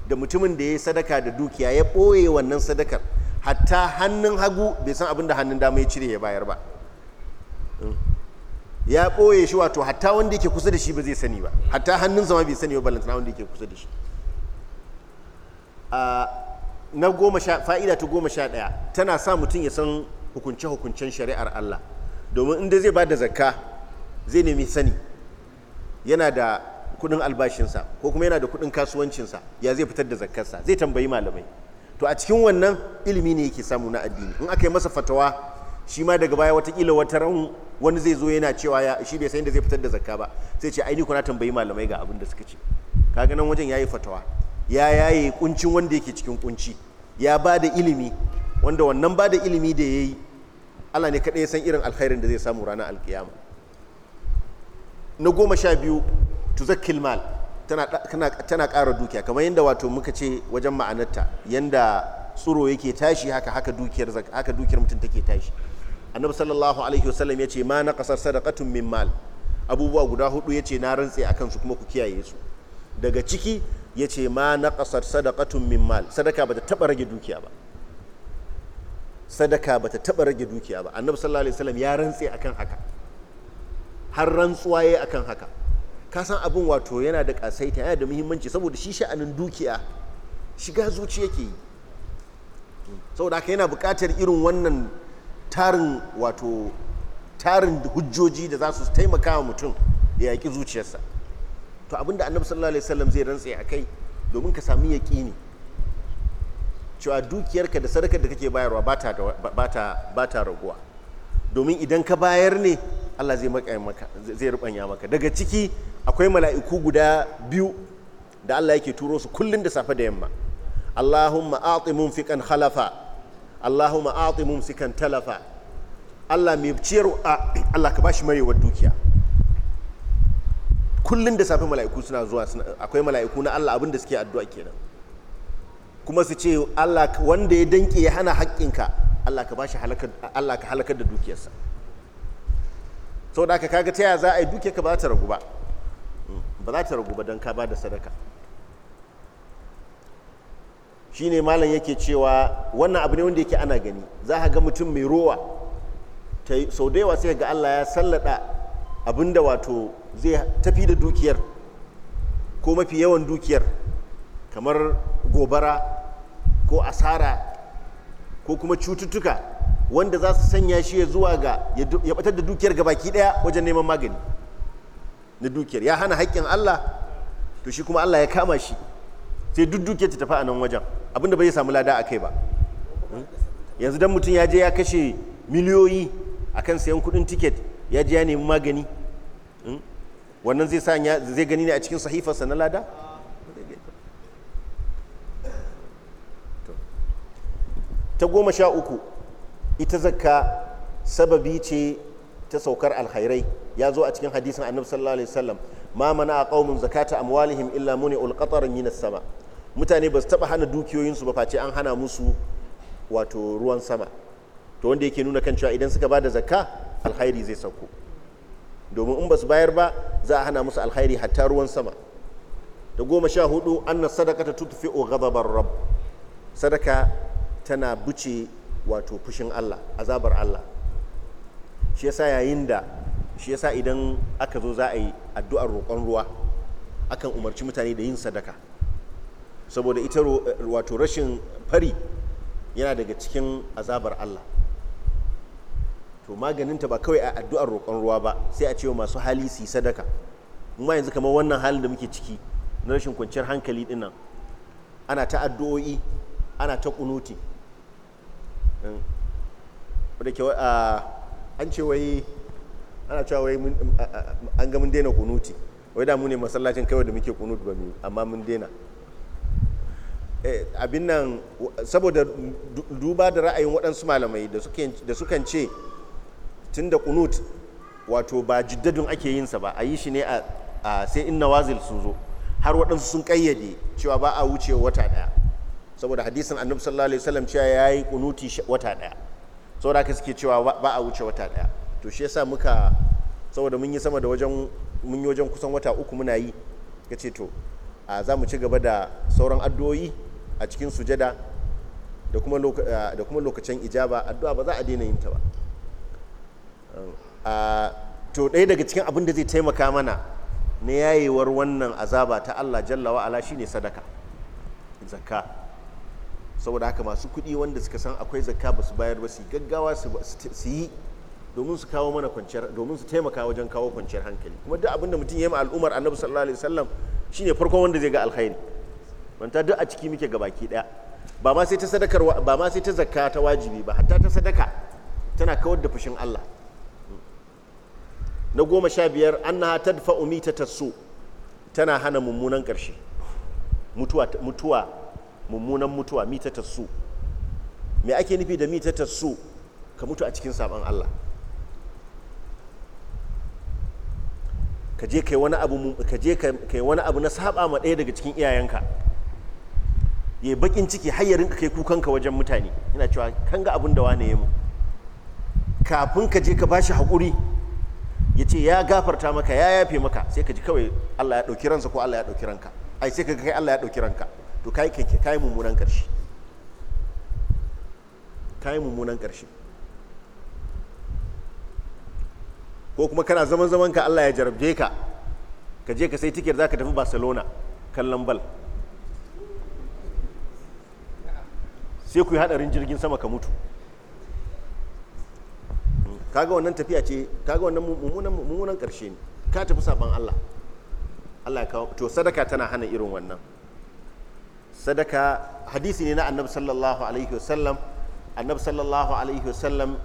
da mutumin da ya sadaka da dukiya ya ɓoye wannan sadakar hatta hannun hagu bai san abin da hannun dama ya cire ya bayar ba ya ɓoye shi wato hatta wanda yake kusa da shi ba zai sani ba hatta hannun zama bai sani ba balantana wanda yake kusa da shi na goma sha fa'ida ta goma sha ɗaya tana sa mutum ya san hukunce-hukuncen shari'ar Allah domin inda zai ba da zakka zai nemi sani yana da kudin albashinsa ko kuma yana da kuɗin kasuwancinsa ya zai fitar da zakkarsa zai tambayi malamai to a cikin wannan ilimi ne yake samu na addini in aka yi masa fatawa shi ma daga baya watakila wata ran wani zai zo yana cewa ya shi bai san da zai fitar da zakka ba sai ce ai ni kuna tambayi malamai ga abin da suka ce kaga nan wajen yayi fatawa ya yaye kuncin wanda yake cikin kunci ya ba da ilimi wanda wannan ba da ilimi da yayi Allah ne kadai ya san irin alkhairin da zai samu ranar alkiyama na goma sha biyu Tuzakil mal tana ƙara dukiya kamar yadda wato muka ce wajen ma'anarta yadda tsuro yake tashi haka haka dukiyar haka dukiyar mutum take tashi annabi sallallahu alaihi wasallam ya ce ma na kasar sadaqatun min mal abubuwa guda hudu ya ce na rantse a kansu kuma ku kiyaye su daga ciki ya ce ma na kasar sadaqatun min mal sadaka bata taba rage dukiya ba sadaka bata taba rage dukiya ba annabi sallallahu alaihi wasallam ya rantse akan haka har rantsuwa yayi akan haka ka san abin wato yana da kasaita yana da muhimmanci saboda shi sha'anin dukiya shiga zuci yake yi saboda haka yana bukatar irin wannan tarin wato tarin hujjoji da za su taimaka wa mutum ya yaƙi zuciyarsa to abin da annabi sallallahu alaihi wasallam zai rantse a kai domin ka sami yaƙini cewa dukiyarka da sadakar da kake bayarwa ba ta raguwa domin idan ka bayar ne Allah zai maka maka zai rubanya maka daga ciki akwai mala'iku guda biyu da Allah yake turo su kullun da safe da yamma Allahumma a'ti munfiqan khalafa Allahumma a'ti munfiqan talafa Allah mai ciyar Allah ka bashi marewar dukiya kullun da safe mala'iku suna zuwa akwai mala'iku na Allah abinda suke addu'a kenan kuma su ce Allah wanda ya danke ya hana haƙƙinka Allah ka bashi halaka Allah ka halaka da dukiyarsa sau da aka kaga ta yaya za a yi duke ka ba ta ragu ba mm, ba za ta ragu ba don ka ba da sadaka shine malam yake cewa wannan abu ne wanda yake ana gani za ka ga mutum mai rowa sau da yawa sai ga Allah ya sallada da wato zai tafi da dukiyar ko mafi yawan dukiyar kamar gobara ko asara ko kuma cututtuka wanda za su sanya shi ya zuwa ga ya batar da dukiyar ga baki daya wajen neman magani na dukiyar ya hana haƙƙin Allah to shi kuma Allah ya kama shi sai duk dukiyar ta tafi a nan wajen abinda bai samu lada a kai ba hmm? yanzu dan mutum ya je ya kashe miliyoyi akan sayan kuɗin tiket ya je ya nemi magani hmm? wannan zai sanya zai gani ne a cikin sahifarsa na lada ta goma sha uku ita zakka sababi ce ta saukar alkhairai ya zo a cikin hadisin annabi sallallahu alaihi wasallam ma mana qaumun zakata amwalihim illa muni ulqatar min sama mutane ba su taba hana su ba face an hana musu wato ruwan sama to wanda yake nuna kan cewa idan suka bada zakka alkhairi zai sauko domin in ba su bayar ba za a hana musu alkhairi hatta ruwan sama da goma sha hudu anna sadaka ta tutfi'u ghadabar rabb sadaka tana buce wato fushin Allah azabar Allah shi yasa yayin da shi yasa idan aka zo za a yi addu'ar roƙon ruwa akan umarci mutane da yin sadaka saboda ita wato rashin fari yana daga cikin azabar Allah to maganinta ba kawai a addu'ar roƙon ruwa ba sai a ce masu hali su yi sadaka ma yanzu kamar wannan halin da muke ciki na rashin kwanciyar hankali dinnan ana ta addu'o'i ana ta kunuti Mm. wadda ke ah, an ce wai ana cewa wai eh, eh, eh, an ga mun daina kunuti wai da mu ne masallacin kawai da muke kunut ba mu amma mun daina abin nan saboda duba da ra'ayin waɗansu malamai da sukan ce tun da kunut wato ba jiddadin ake yin sa ba a yi shi ne a sai in nawazil sun zo har waɗansu sun kayyade cewa ba a wuce wata ɗaya saboda hadisin annabi sallallahu alaihi wasallam cewa yayi kunuti wata daya saboda haka suke cewa ba a wuce wata daya to shi yasa muka saboda mun yi sama da wajen mun yi wajen kusan wata uku muna yi kace to a za mu ci gaba da sauran addu'o'i a cikin sujada da kuma da kuma lokacin ijaba addu'a ba za a daina yin ta ba to ɗaya daga cikin abin da zai taimaka mana na yayewar wannan azaba ta Allah jalla ala shine sadaka zakka saboda haka masu kuɗi wanda suka san akwai zakka ba su bayar ba su gaggawa su yi domin su kawo mana kwanciyar domin su taimaka wajen kawo kwanciyar hankali kuma duk abinda mutum ya yi al'ummar annabi sallallahu alaihi wasallam shine farkon wanda zai ga alkhairi manta duk a ciki muke gabaki daya ba ma sai ta sadakar ba ma sai ta zakka ta wajibi ba hatta ta sadaka tana kawar da fushin Allah na goma sha biyar annaha tadfa'u ta su tana hana mummunan karshe mutuwa mummunan mutuwa mitatar su me ake nufi da mitatar su ka mutu a cikin saban Allah ka je kai wani abu ka je kai wani abu na saba ma ɗaya daga cikin iyayenka ya yi bakin ciki har ya rinka kai kukanka wajen mutane ina cewa kan ga abin da wane ya mu kafin ka je ka bashi haƙuri ya ce ya gafarta maka ya yafe maka sai ka ji kawai Allah ya ɗauki ransa ko Allah ya ɗauki ranka ai sai ka kai Allah ya ɗauki ranka to kai kai mummunan karshe kai mummunan karshe ko kuma kana zaman zaman ka Allah ya jarabje ka ka je ka sai tiket zaka tafi Barcelona kallon bal sai ku yi hadarin jirgin sama ka mutu kaga wannan tafiya ce kaga wannan mummunan karshe ne ka tafi saban Allah Allah ya kawo to sadaka tana hana irin wannan sadaka hadisi ne na annabi sallallahu alaihi wasallam annabi sallallahu alaihi wasallam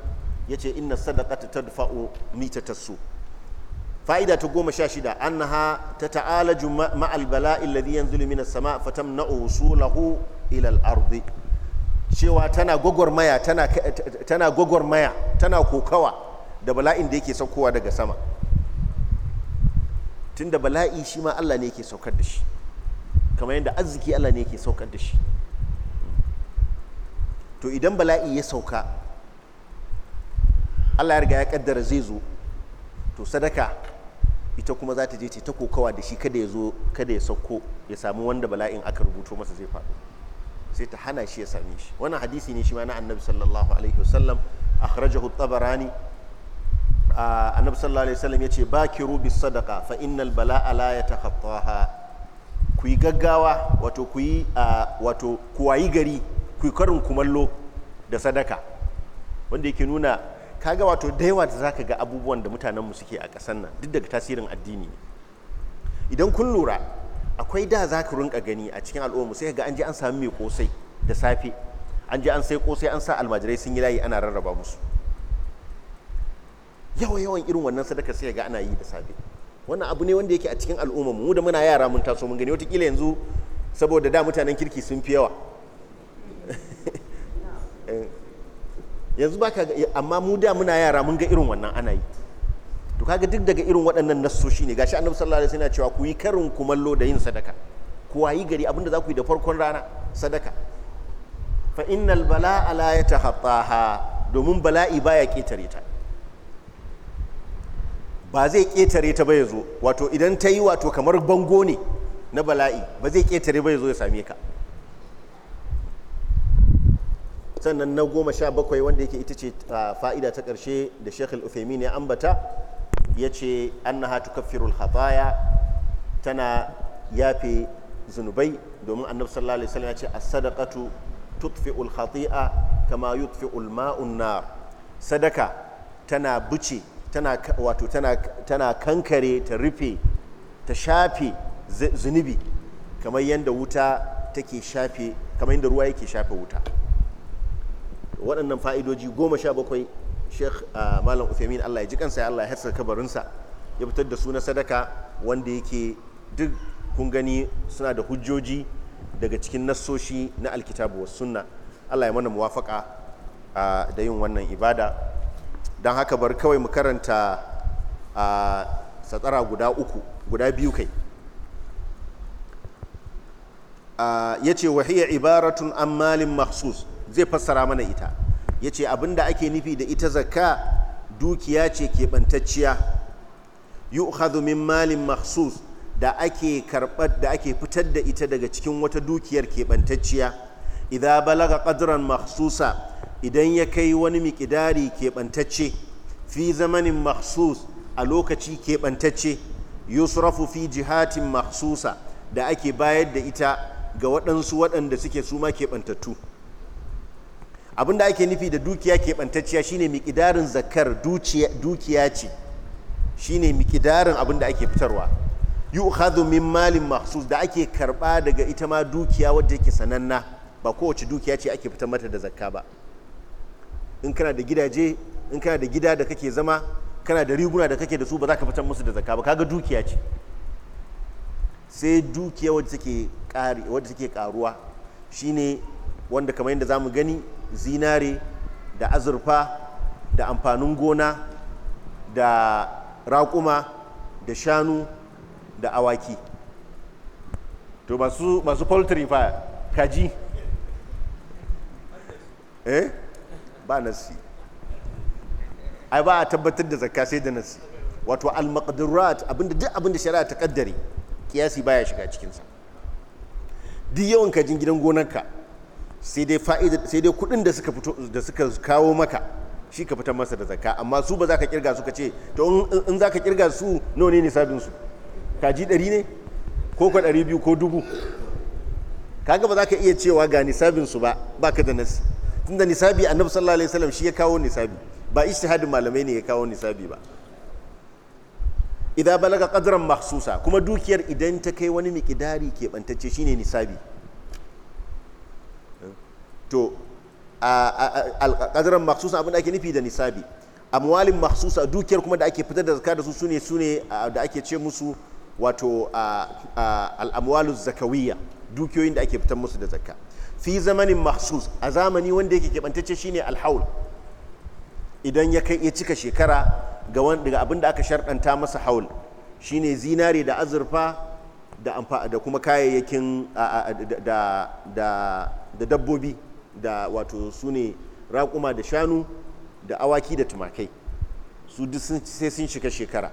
ya ce inna sadaqata tadfa'u tasu fa'ida ta goma sha shida annaha ta ta'alaju ma'al bala'i alladhi yanzulu min as-sama' fatamna'u wusulahu ila al-ardi cewa tana gwagwarmaya tana tana gwagwarmaya tana kokawa da bala'in da yake saukowa daga sama tunda bala'i shi ma Allah ne yake saukar da shi kamar yadda arziki Allah ne yake saukar da shi to idan bala'i ya sauka Allah ya riga ya kaddara zai zo to sadaka ita kuma za ta je ta kokawa da shi kada ya zo kada ya sauko ya samu wanda bala'in aka rubuto masa zai faɗo sai ta hana shi ya same shi wannan hadisi ne shi ma na annabi sallallahu alaihi wasallam akhrajahu tabarani ah, annabi sallallahu alaihi wasallam yace bakiru bis sadaqa fa innal bala'a la yatakhattaha ku yi gaggawa wato ku yi wato kuwayi gari ku yi karin kumallo da sadaka wanda yake nuna kaga wato da yawa da za ka ga abubuwan da mutanenmu suke a kasan nan duk daga tasirin addini idan kun lura akwai da za ka rinka gani a cikin al'ummu sai ga an je an sami mai kosai da safe an je an sai kosai an sa almajirai sun yi layi ana rarraba musu yawa yawan irin wannan sadaka sai ga ana yi da safe wannan abu ne wanda yake a cikin al'umma mu da muna yara mun taso mun gani kila yanzu saboda da mutanen kirki sun fi yawa eh, yanzu baka amma mu da muna yara mun ga irin wannan ana yi to kaga duk daga irin waɗannan nassoshi ne gashi annabi sallallahu alaihi wasallam cewa ku yi karin kumallo da yin sadaka ku wayi gari abinda za ku yi da farkon rana sadaka fa innal bala'a la yatahattaha domin bala'i baya ketare ta ba zai ƙetare ta ba ya zo wato idan ta yi wato kamar bango ne na bala'i ba zai ƙetare ba ya zo ya same ka sannan na goma sha bakwai wanda yake ita ce fa'ida ta ƙarshe da sheikh al ne ambata ya ce annaha tukaffirul khataya tana yafe zunubai domin annabi sallallahu alaihi wasallam ya ce as-sadaqatu tutfi'ul khati'a kama yutfi'ul ma'un nar sadaka tana buce wato tana kankare ta rufe ta shafe zunubi kamar yadda wuta take shafe kamar yadda ruwa yake shafe wuta waɗannan fa'idoji goma sha bakwai sheikh ah, malam uthaymin allah ya ji kansa ya allah ya kabarinsa ya fitar da su na sadaka wanda yake duk kun gani suna da hujjoji daga cikin nassoshi na alkitabu wasu sunna allah ya mana muwafaka ah, da yin wannan ibada don haka bar kawai mu karanta a satsara guda uku guda biyu kai ya ce wahiyar ibaratun an malin maksus zai fassara mana ita ya ce abinda ake nufi da ita zakka dukiya ce keɓantacciya yi min malin maksus da ake karɓar da ake fitar da ita daga cikin wata dukiyar keɓantacciya idan balaga ƙadiran maksusa. idan ya kai wani miƙidari keɓantacce fi zamanin maksus a lokaci keɓantacce yusrafu fi jihatin maksusa da ake bayar da ita ga waɗansu waɗanda suke suma ma keɓantattu abinda ake nufi da dukiya keɓantacciya shine miƙidarin zakar dukiya ce shine miƙidarin abinda ake fitarwa yi yu'khadhu min malin maksus da ake karɓa daga ita ma dukiya wadda yake sananna ba kowace dukiya ce ake fitar mata da zakka ba in kana da gidaje in kana da gida da kake zama kana da riguna da kake da su ba za ka fitar musu da zakka ba kaga dukiya ce sai dukiya wadda take ƙari wadda take ƙaruwa shine wanda kamar yadda zamu gani zinare da azurfa da amfanin gona da raƙuma da shanu da awaki to masu masu poultry fa kaji eh ba nasi ai ba a tabbatar da zakka sai da nasi wato al-maqdurat abinda duk abinda shari'a ta kaddare kiyasi baya shiga cikin sa duk yawan ka jin gidan gonarka sai dai fa'ida sai dai kudin da suka fito da suka kawo maka shi ka fitar masa da zakka amma su ba za ka kirga su ka ce to in za ka kirga su nawa ne nisabin su kaji 100 ne ko ka 200 ko dubu kaga ba za ka iya cewa ga nisabin su ba baka da nasi tunda nisabi annabi sallallahu alaihi wasallam shi ya kawo nisabi ba ijtihadin malamai ne ya kawo nisabi ba idan balaga qadran mahsusa kuma dukiyar idan ta kai wani miqdari shi shine nisabi to al-qadran mahsusa abin da ake nufi da nisabi amwalin mahsusa dukiyar kuma da ake fitar da zakka da su sune sune da ake ce musu wato al-amwalu zakawiyya dukiyoyin da ake fitar musu da zakka fi zamanin mahsus a zamani wanda yake keɓantacce shine alhaul idan ya kai ya cika shekara ga daga abin da aka sharɗanta masa haul shine zinare da azurfa da kuma kayayyakin da dabbobi da wato su ne raƙuma da shanu da awaki da tumakai su duk sai sun shiga shekara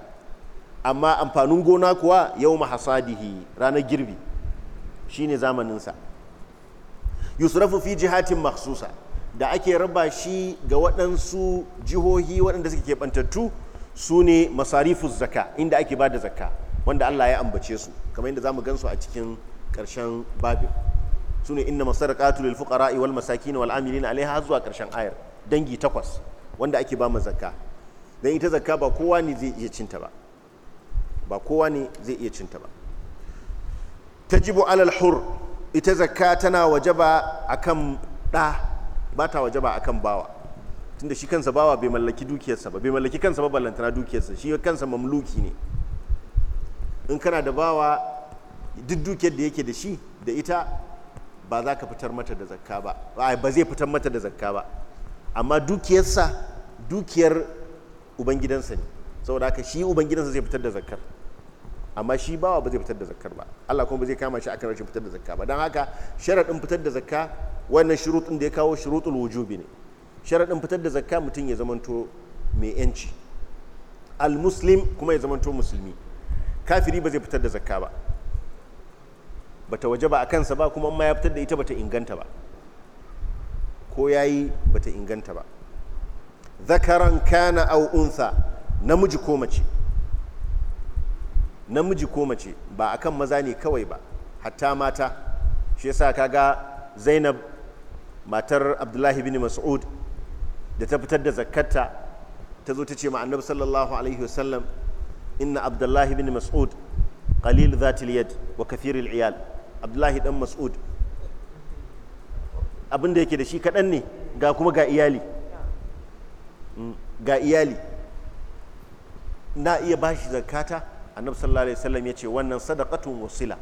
amma amfanin gona kuwa yau mahasadihi ranar girbi shine zamaninsa yusrafu fi jihatin maksusa da ake raba shi ga waɗansu jihohi waɗanda suke keɓantattu su ne masarifus zaka inda ake ba da zaka wanda Allah ya ambace su kamar yadda zamu mu gansu a cikin ƙarshen babin su ne inna masarakatu lil fuqara'i wal masakin wal amilin alaiha zuwa ƙarshen ayar dangi takwas wanda ake ba zakka dan ita zakka ba kowa ne zai iya cinta ba ba kowa ne zai iya cinta ba tajibu alal hur ita zakka tana wajaba akan ɗa ba ta wajaba akan bawa tunda shi kansa bawa bai mallaki dukiyarsa ba bai mallaki kansa ba ballantana dukiyarsa shi kansa mamluki ne in kana da bawa duk dukiyar da yake da shi da ita ba za ka fitar mata da zakka ba ba zai fitar mata da zakka ba amma dukiyarsa dukiyar ubangidansa ne saboda haka shi ubangidansa zai fitar da zakkar amma shi bawa ba zai fitar da zakkar ba Allah kuma ba zai kama shi akan rashin fitar da zakka ba don haka sharaɗin fitar da zakka wannan shuruɗin da ya kawo shuruɗul wujubi ne sharaɗin fitar da zakka mutum ya zamanto mai yanci almuslim kuma ya zamanto musulmi kafiri ba zai fitar da zakka ba bata waje ba a kansa ba kuma ma ya fitar da ita bata inganta ba ko yayi bata inganta ba zakaran kana au untha namiji ko mace namiji ko mace ba akan maza ne kawai ba hatta mata shi yasa kaga zainab matar abdullahi bin mas'ud da ta fitar da zakatta ta zo ta ce ma annabi sallallahu alaihi wasallam inna abdullahi bin mas'ud qalil zatil yad wa kathiril iyal abdullahi dan mas'ud abin da yake da shi kaɗan ne ga kuma ga iyali mm, ga iyali na iya bashi zakata annabi sallallahu alaihi wasallam ya ce wannan sadaqatun wasila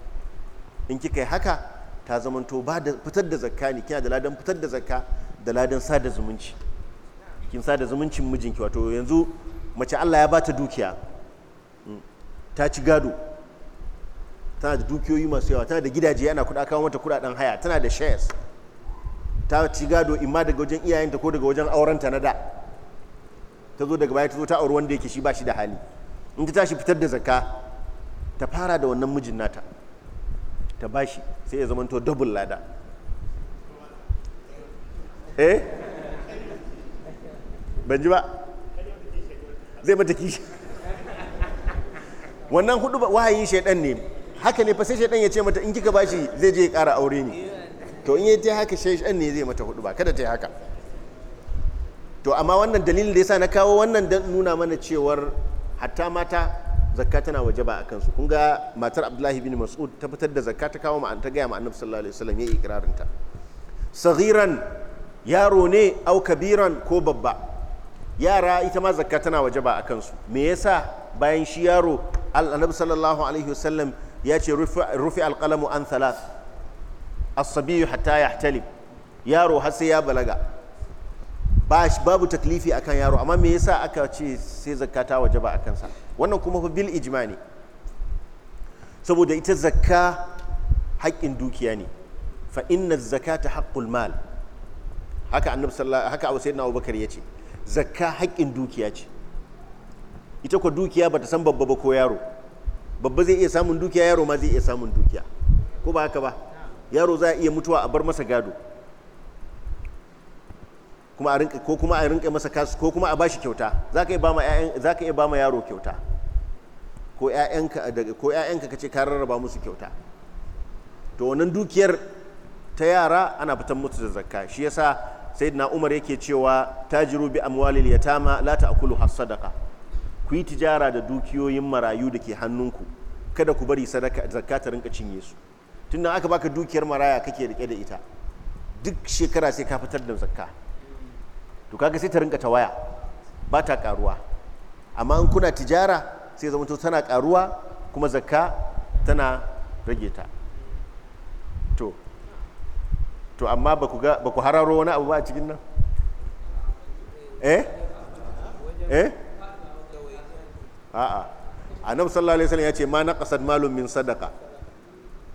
in kika yi haka ta zamanto ba da fitar da zakka ne kina da ladan fitar da zakka da ladan sada zumunci kin sada zumuncin mijinki wato yanzu mace Allah ya bata dukiya mm. ta ci gado tana da dukiyoyi masu yawa tana da gidaje ana kuɗa kawo mata kuɗaɗen haya tana da shares ta ci gado imma daga wajen iyayenta ko daga wajen aurenta na da ta zo daga baya ta zo ta auri wanda yake shi ba shi da hali in ta tashi fitar da zakka ta fara da wannan mijin nata ta bashi sai ya zamanto double lada eh ban ji ba zai mata kishi wannan hudu ba wahayin shaidan ne haka ne fa sai shaidan ya ce mata in kika bashi zai je ya kara aure ne to in yi ta haka shaidan ne zai mata hudu ba kada ta yi haka to amma wannan dalilin da ya sa na kawo wannan nuna mana cewar hatta mata zakka tana wajaba a kansu kun ga matar abdullahi bin mas'ud ta fitar da zakka ta kawo ma'an ta gaya ma annabi sallallahu alaihi wasallam ya ikrarinta saghiran yaro ne au kabiran ko babba yara ita ma zakka tana wajaba a kansu me yasa bayan shi yaro annabi sallallahu alaihi wasallam ya ce rufi alqalamu an thalath as-sabiyu hatta yaro har sai ya balaga ba babu taklifi akan yaro amma me yasa aka ce sai zakka ta wajaba a kansa wannan kuma fa bil ijma ne saboda ita zakka haƙƙin dukiya ne fa inna zakata haqqul mal haka annabi sallallahu haka abu sayyidina abubakar yace zakka haƙƙin dukiya ce ita ko dukiya bata san babba ba ko yaro babba zai iya samun dukiya yaro ma zai iya samun dukiya ko ba haka ba yaro za a iya mutuwa a bar masa gado kuma a rinka ko kuma a rinka masa kasu ko kuma a bashi kyauta zaka iya bama ƴaƴan yaro kyauta ko ƴaƴanka daga ko ƴaƴanka kace ka rarraba musu kyauta to wannan dukiyar ta yara ana fitan musu da zakka shi yasa sayyidina Umar yake cewa ta tajiru bi amwalil yatama a kulu hasadaka ku yi tijara da dukiyoyin marayu da ke hannunku kada ku bari sadaka zakka ta rinka cinye su tunda aka baka dukiyar maraya kake rike da ita duk shekara sai ka fitar da zakka to kaga sai ta rinka waya ba ta karuwa amma in kuna tijara sai zama to tana karuwa kuma zakka tana rage ta to to amma ba ku hararo wani abu ba a cikin nan eh eh a'a annabi sallallahu alaihi wasallam ya ce ma naqasat malum min sadaqa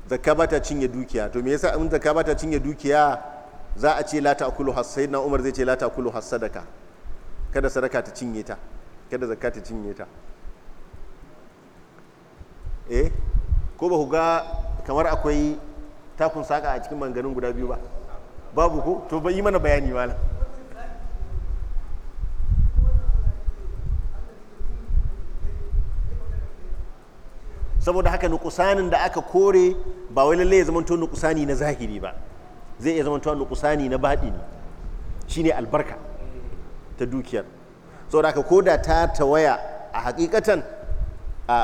zakka ba ta cinye dukiya to me yasa in zakka ba ta cinye dukiya za a ce la ta'kulu has sayyidina Umar zai ce la ta'kulu has sadaka kada sadaka ta cinye ta kada zakka ta cinye ta eh ko ba ku ga kamar akwai takun saka a cikin manganin guda biyu ba babu ko to ba yi mana bayani malam saboda haka nukusanin da aka kore ba wai lalle ya zama to nukusani na zahiri ba zai iya zamantowa nukusani na baɗi ne shine albarka ta dukiyar saboda ko da ta tawaya a hakikatan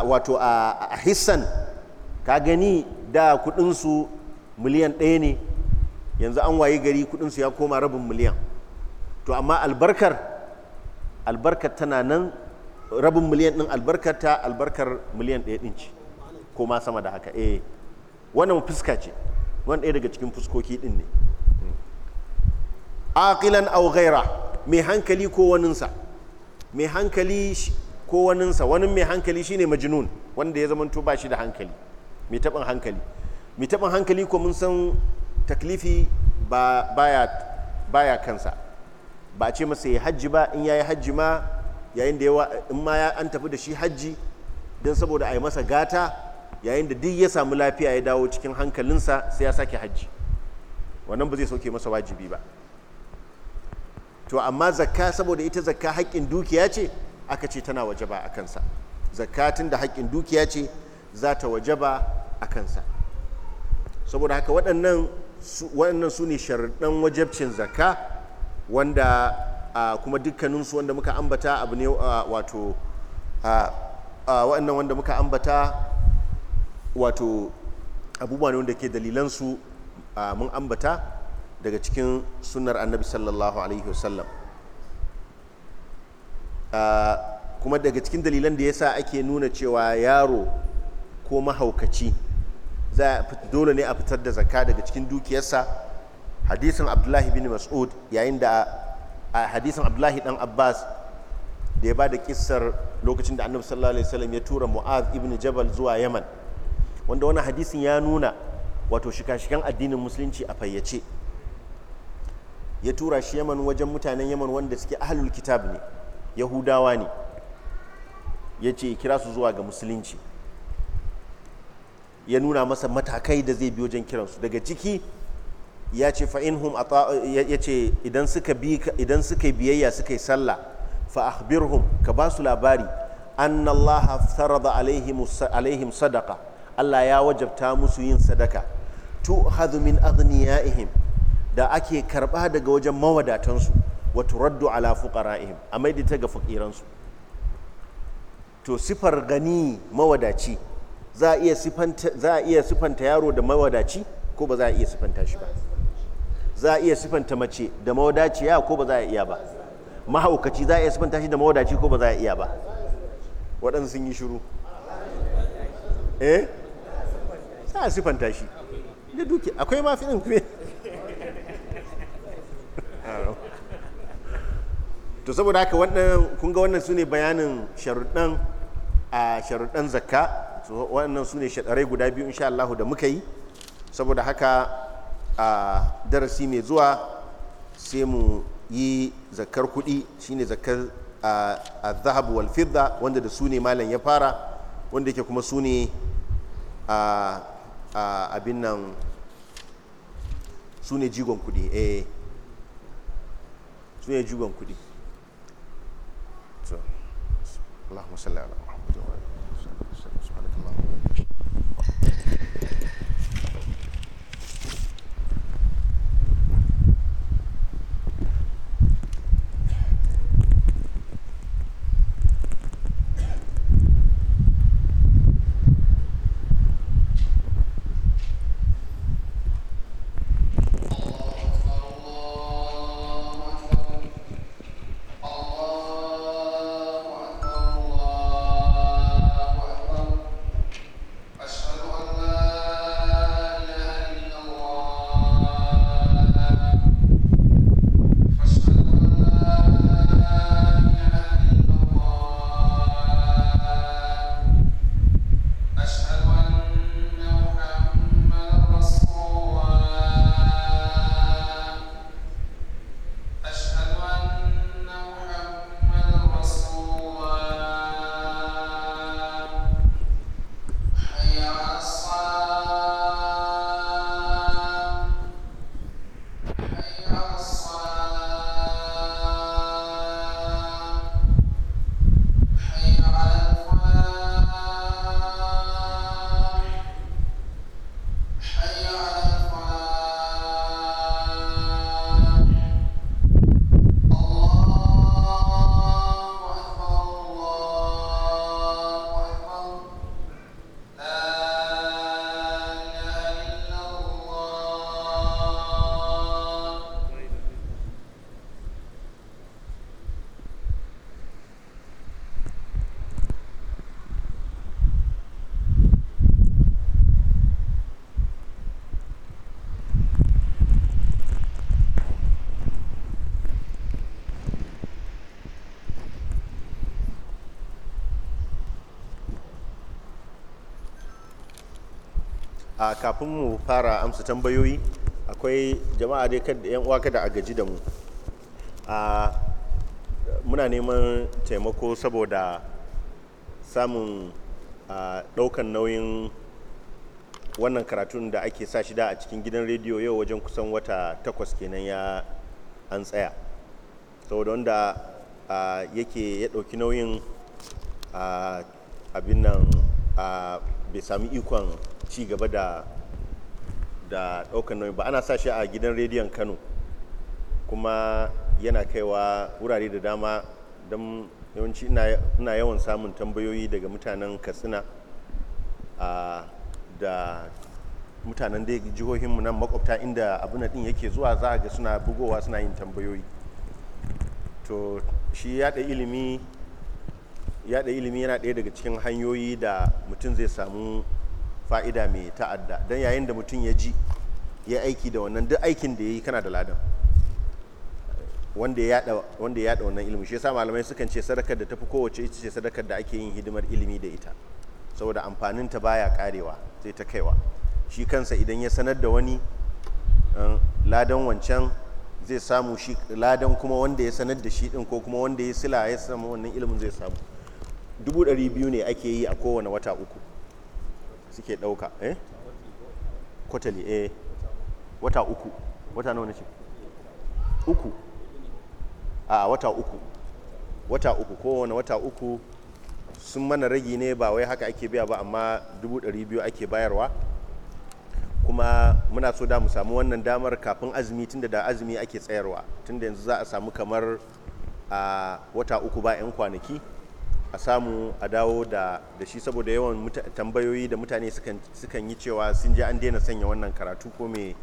wato a hissan ka gani da kudinsu miliyan ɗaya ne yanzu an waye gari kudinsu ya koma rabin miliyan to amma albarkar albarkar tana nan rabin miliyan ɗin albarkar ta albarkar miliyan ɗaya ɗin ce ko ma sama da haka eh wannan fuska ce wani ɗaya daga cikin fuskoki ɗin ne aqilan aw ghaira mai hankali ko waninsa mai hankali ko waninsa wani mai hankali shine majnun wanda ya zamanto ba shi da hankali mai taɓin hankali mai taɓin hankali ko mun san taklifi ba baya baya kansa ba a ce masa ya hajji ba in yayi hajji ma yayin da yawa in ma ya an tafi da shi hajji don saboda a yi masa gata yayin da duk ya samu lafiya ya dawo cikin hankalinsa sai ya sake hajji wannan ba zai sauke masa wajibi ba to amma zakka saboda ita zakka haƙƙin dukiya ce aka ce tana wajaba a kansa zakka tun da haƙƙin dukiya ce za ta wajaba a kansa saboda haka waɗannan su ne sharaɗin wajabcin zakka wanda kuma dukkaninsu wanda muka ambata abu ne wato waɗannan wanda muka ambata wato abubuwa ne wanda ke dalilansu mun ambata daga cikin sunar annabi sallallahu alaihi wasallam kuma daga cikin dalilan da ya sa ake nuna cewa yaro ko mahaukaci za dole ne a fitar da zaka daga cikin dukiyarsa hadisin abdullahi bin mas'ud yayin da a hadisin abdullahi dan abbas da ya ba da kissar lokacin da annabi sallallahu alaihi wasallam ya tura mu'az ibn jabal zuwa yaman wanda wani hadisin ya nuna wato shika-shikan addinin musulunci a fayyace ya tura shi yaman wajen mutanen yaman wanda suke ahalul kitab ne yahudawa ne ya ce kira su zuwa ga musulunci ya nuna masa matakai da zai biyo wajen kiransu daga ciki ya ce fa'inhum ya ce idan suka biyayya suka yi sallah hum ka ba su labari annallaha sarada alaihim sadaka Allah ya wajabta musu yin sadaka tu hadu min aghniyaihim da ake karba daga wajen mawadatansu wa turaddu ala fuqara'ihim a mai ta ga fakiransu to sifar gani mawadaci za a iya sifanta za a iya sifanta yaro da mawadaci ko ba za a iya sifanta shi ba za a iya sifanta mace da mawadaciya ko ba za a iya ba mahaukaci za a iya sifanta shi da mawadaci ko ba za a iya ba waɗansu sun yi shiru eh za a sifanta shi da duki akwai mafi ɗin kuma to saboda haka wannan kun ga wannan su ne bayanin sharuɗan a sharuɗan zakka wannan su ne shaɗarai guda biyu insha Allah da muka yi saboda haka a darasi mai zuwa sai mu yi zakkar kuɗi shine zakkar a zahabu wal fidda wanda da su ne malam ya fara wanda yake kuma su ne a abin nan su ne jigon kudi eh su ne jigon kudi to Allahumma salli ala Muhammad a kafin mu fara amsa tambayoyi akwai jama'a dai kada yan uwa kada a gaji da mu a muna neman taimako saboda samun ɗaukan nauyin wannan karatun da ake sa shi da a cikin gidan rediyo yau wajen kusan wata takwas kenan ya an tsaya saboda wanda yake ya ɗauki nauyin abin nan bai sami ikon ci gaba da da ɗaukar nauyi ba ana sa shi a gidan rediyon kano kuma yana kaiwa wurare da dama don yawanci ina yawan samun tambayoyi daga mutanen katsina da mutanen da jihohinmu nan makwabta inda na din yake zuwa za a ga suna bugowa suna yin tambayoyi to shi yada ilimi yada ilimi yana ɗaya daga cikin hanyoyi da mutum zai samu fa'ida mai ta'adda don yayin da mutum ya ji ya aiki da wannan duk aikin da ya yi kana da ladan wanda ya yada wannan ilimi shi yasa malamai sukan ce sadakar da tafi kowace ita ce sadakar da ake yin hidimar ilimi da ita saboda amfanin ta baya karewa sai ta kaiwa shi kansa idan ya sanar da wani eh, ladan wancan zai samu shi ladan kuma wanda ya sanar da shi din ko kuma wanda ya sila ya samu wannan ilimin zai samu dubu ɗari biyu ne ake yi a kowane wata uku suke ɗauka kwatali eh? eh wata uku wata nawa ce uku a wata uku wata uku kowane wata uku sun mana ragi ne ba wai haka ake biya ba amma dubu ɗari biyu ake bayarwa kuma muna so da mu samu wannan damar kafin azumi tunda da azumi ake tsayarwa tunda yanzu za a samu kamar a ah, wata uku ba 'yan kwanaki a samu a dawo da shi saboda yawan tambayoyi da mutane sukan yi cewa sun je an daina sanya wannan karatu ko me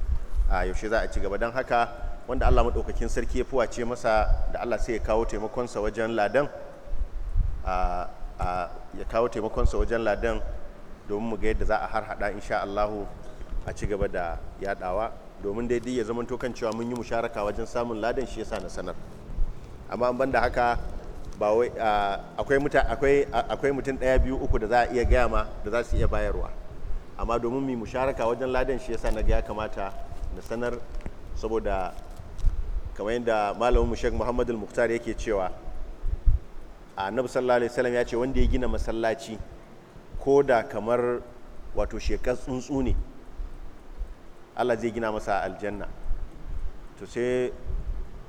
yaushe za a ci gaba don haka wanda allah maɗaukakin sarki ya fuwace masa da allah sai ya kawo taimakonsa wajen ladan ya kawo taimakonsa wajen ladan domin mu ga yadda za a harhaɗa insha allahu a ci gaba da yaɗawa domin daidai ya zama kan cewa mun yi musharaka wajen samun ladan shi ya sa na sanar amma ban da haka ba wai akwai akwai mutum daya biyu uku da za a iya gaya ma da za su iya bayarwa amma domin mu musharaka wajen ladan shi yasa naga ya kamata na sanar saboda kamar yadda malamin mu Sheikh Muhammad Al-Muqtar yake cewa Annabi sallallahu alaihi wasallam ya ce wanda ya gina masallaci ko da kamar wato shekar tsuntsu ne Allah zai gina masa aljanna to sai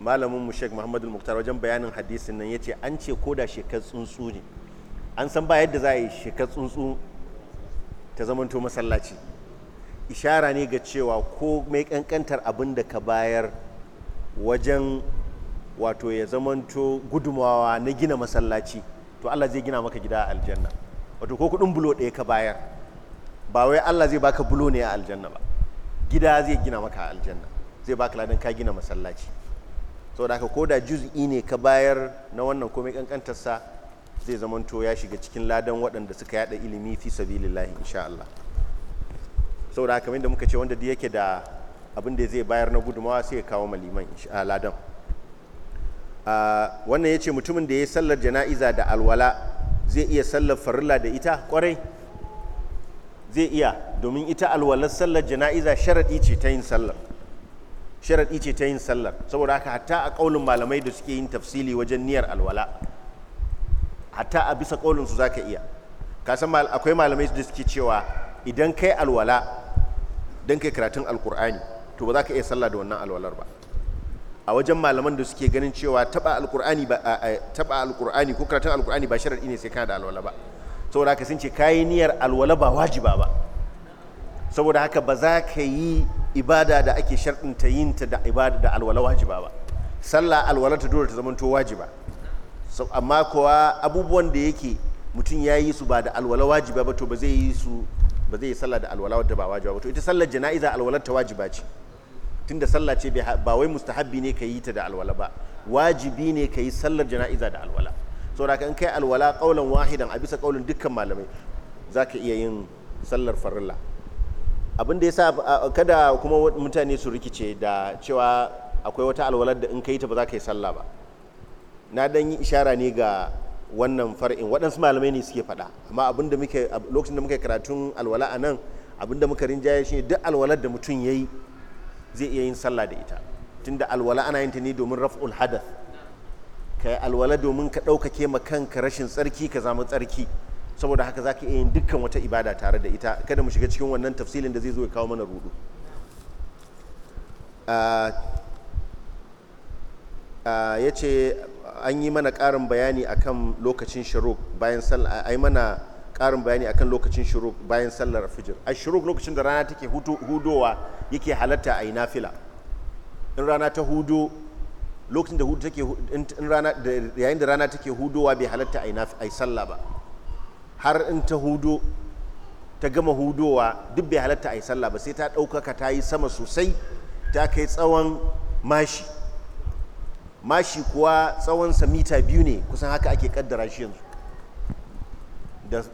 malamin mu Sheikh Muhammadu Muktar wajen bayanin hadisin nan yace an ce ko da shekar tsuntsu ne an san ba yadda za a yi shekar tsuntsu ta zamanto masallaci ishara ne ga cewa ko mai kankantar abin da ka bayar wajen wato ya zamanto gudumawa na gina masallaci to Allah zai gina maka gida a aljanna wato ko kudin bulo ɗaya ka bayar ba wai Allah zai baka bulo ne a aljanna ba gida zai gina maka a aljanna zai baka ladan ka gina masallaci saboda haka koda juz'i ne ka bayar na wannan komai kankantarsa zai zamanto ya shiga cikin ladan waɗanda suka yada ilimi fi sabilillahi insha Allah saboda haka da muka ce wanda da yake da abin da zai bayar na gudumawa sai ya kawo maliman insha ladan wannan ya ce mutumin da ya sallar jana'iza da alwala zai iya sallar farilla da ita kwarai zai iya domin ita alwalar sallar jana'iza sharaɗi ce ta yin sallar sharaɗi ce ta yin sallar saboda haka hatta a ƙaunin malamai da suke yin tafsili wajen niyyar alwala hatta a bisa ƙaunin su zaka iya kasan akwai malamai da suke cewa idan kai alwala don kai karatun alkur'ani to ba za ka iya sallah da wannan alwalar ba a wajen malaman da suke ganin cewa taba alkur'ani ba taba alkur'ani ko karatun alkur'ani ba sharaɗi ne sai kana da alwala ba saboda haka sun ce kayi niyyar alwala ba wajiba ba saboda haka ba za ka yi ibada da ake sharɗinta yinta da ibada da alwala wajiba ba sallah alwala ta dole ta to wajiba amma kowa abubuwan da yake mutum ya yi su ba da alwala wajiba ba to ba zai yi su ba zai yi sallah da alwala wadda ba wajiba ba to ita sallar jana'iza alwalar ta wajiba ce tunda sallah ce ba wai mustahabbi ne ka yi ta da alwala ba wajibi ne ka yi sallar jana'iza da alwala saboda in kai alwala kaulan wahidan a bisa kaulan dukkan malamai za ka iya yin sallar farilla abin da ya sa kada kuma mutane su rikice da cewa akwai wata alwalar da in ka yi ta ba za ka yi sallah ba na dan yi ishara ne ga wannan far'in waɗansu malamai ne suke faɗa amma abin da muke lokacin da muke karatun alwala a nan abin da muka rinjaye shi duk alwalar da mutum ya yi zai iya yin sallah da ita tunda alwala ana yin ta ne domin raf'ul hadath ka alwala domin ka ɗaukake ma kanka rashin tsarki ka zama tsarki saboda haka zaka iya yin dukkan wata ibada tare da ita kada mu shiga cikin wannan tafsilin da zai zo ya kawo mana rudu ah, ah, ya ce an yi mana ƙarin bayani akan lokacin shirok bayan sallah ai mana ƙarin bayani akan lokacin shirok bayan sallar fijir a shirok lokacin da rana take hudowa yake halatta a yi nafila in rana ta hudo lokacin da hudu take in rana yayin da rana take hudowa bai halatta a yi sallah ba har in ta hudo ta gama hudowa duk bai halatta a yi sallah ba sai ta ɗaukaka ta yi sama sosai ta kai tsawon mashi mashi kuwa tsawonsa mita biyu ne kusan haka ake kaddara shi yanzu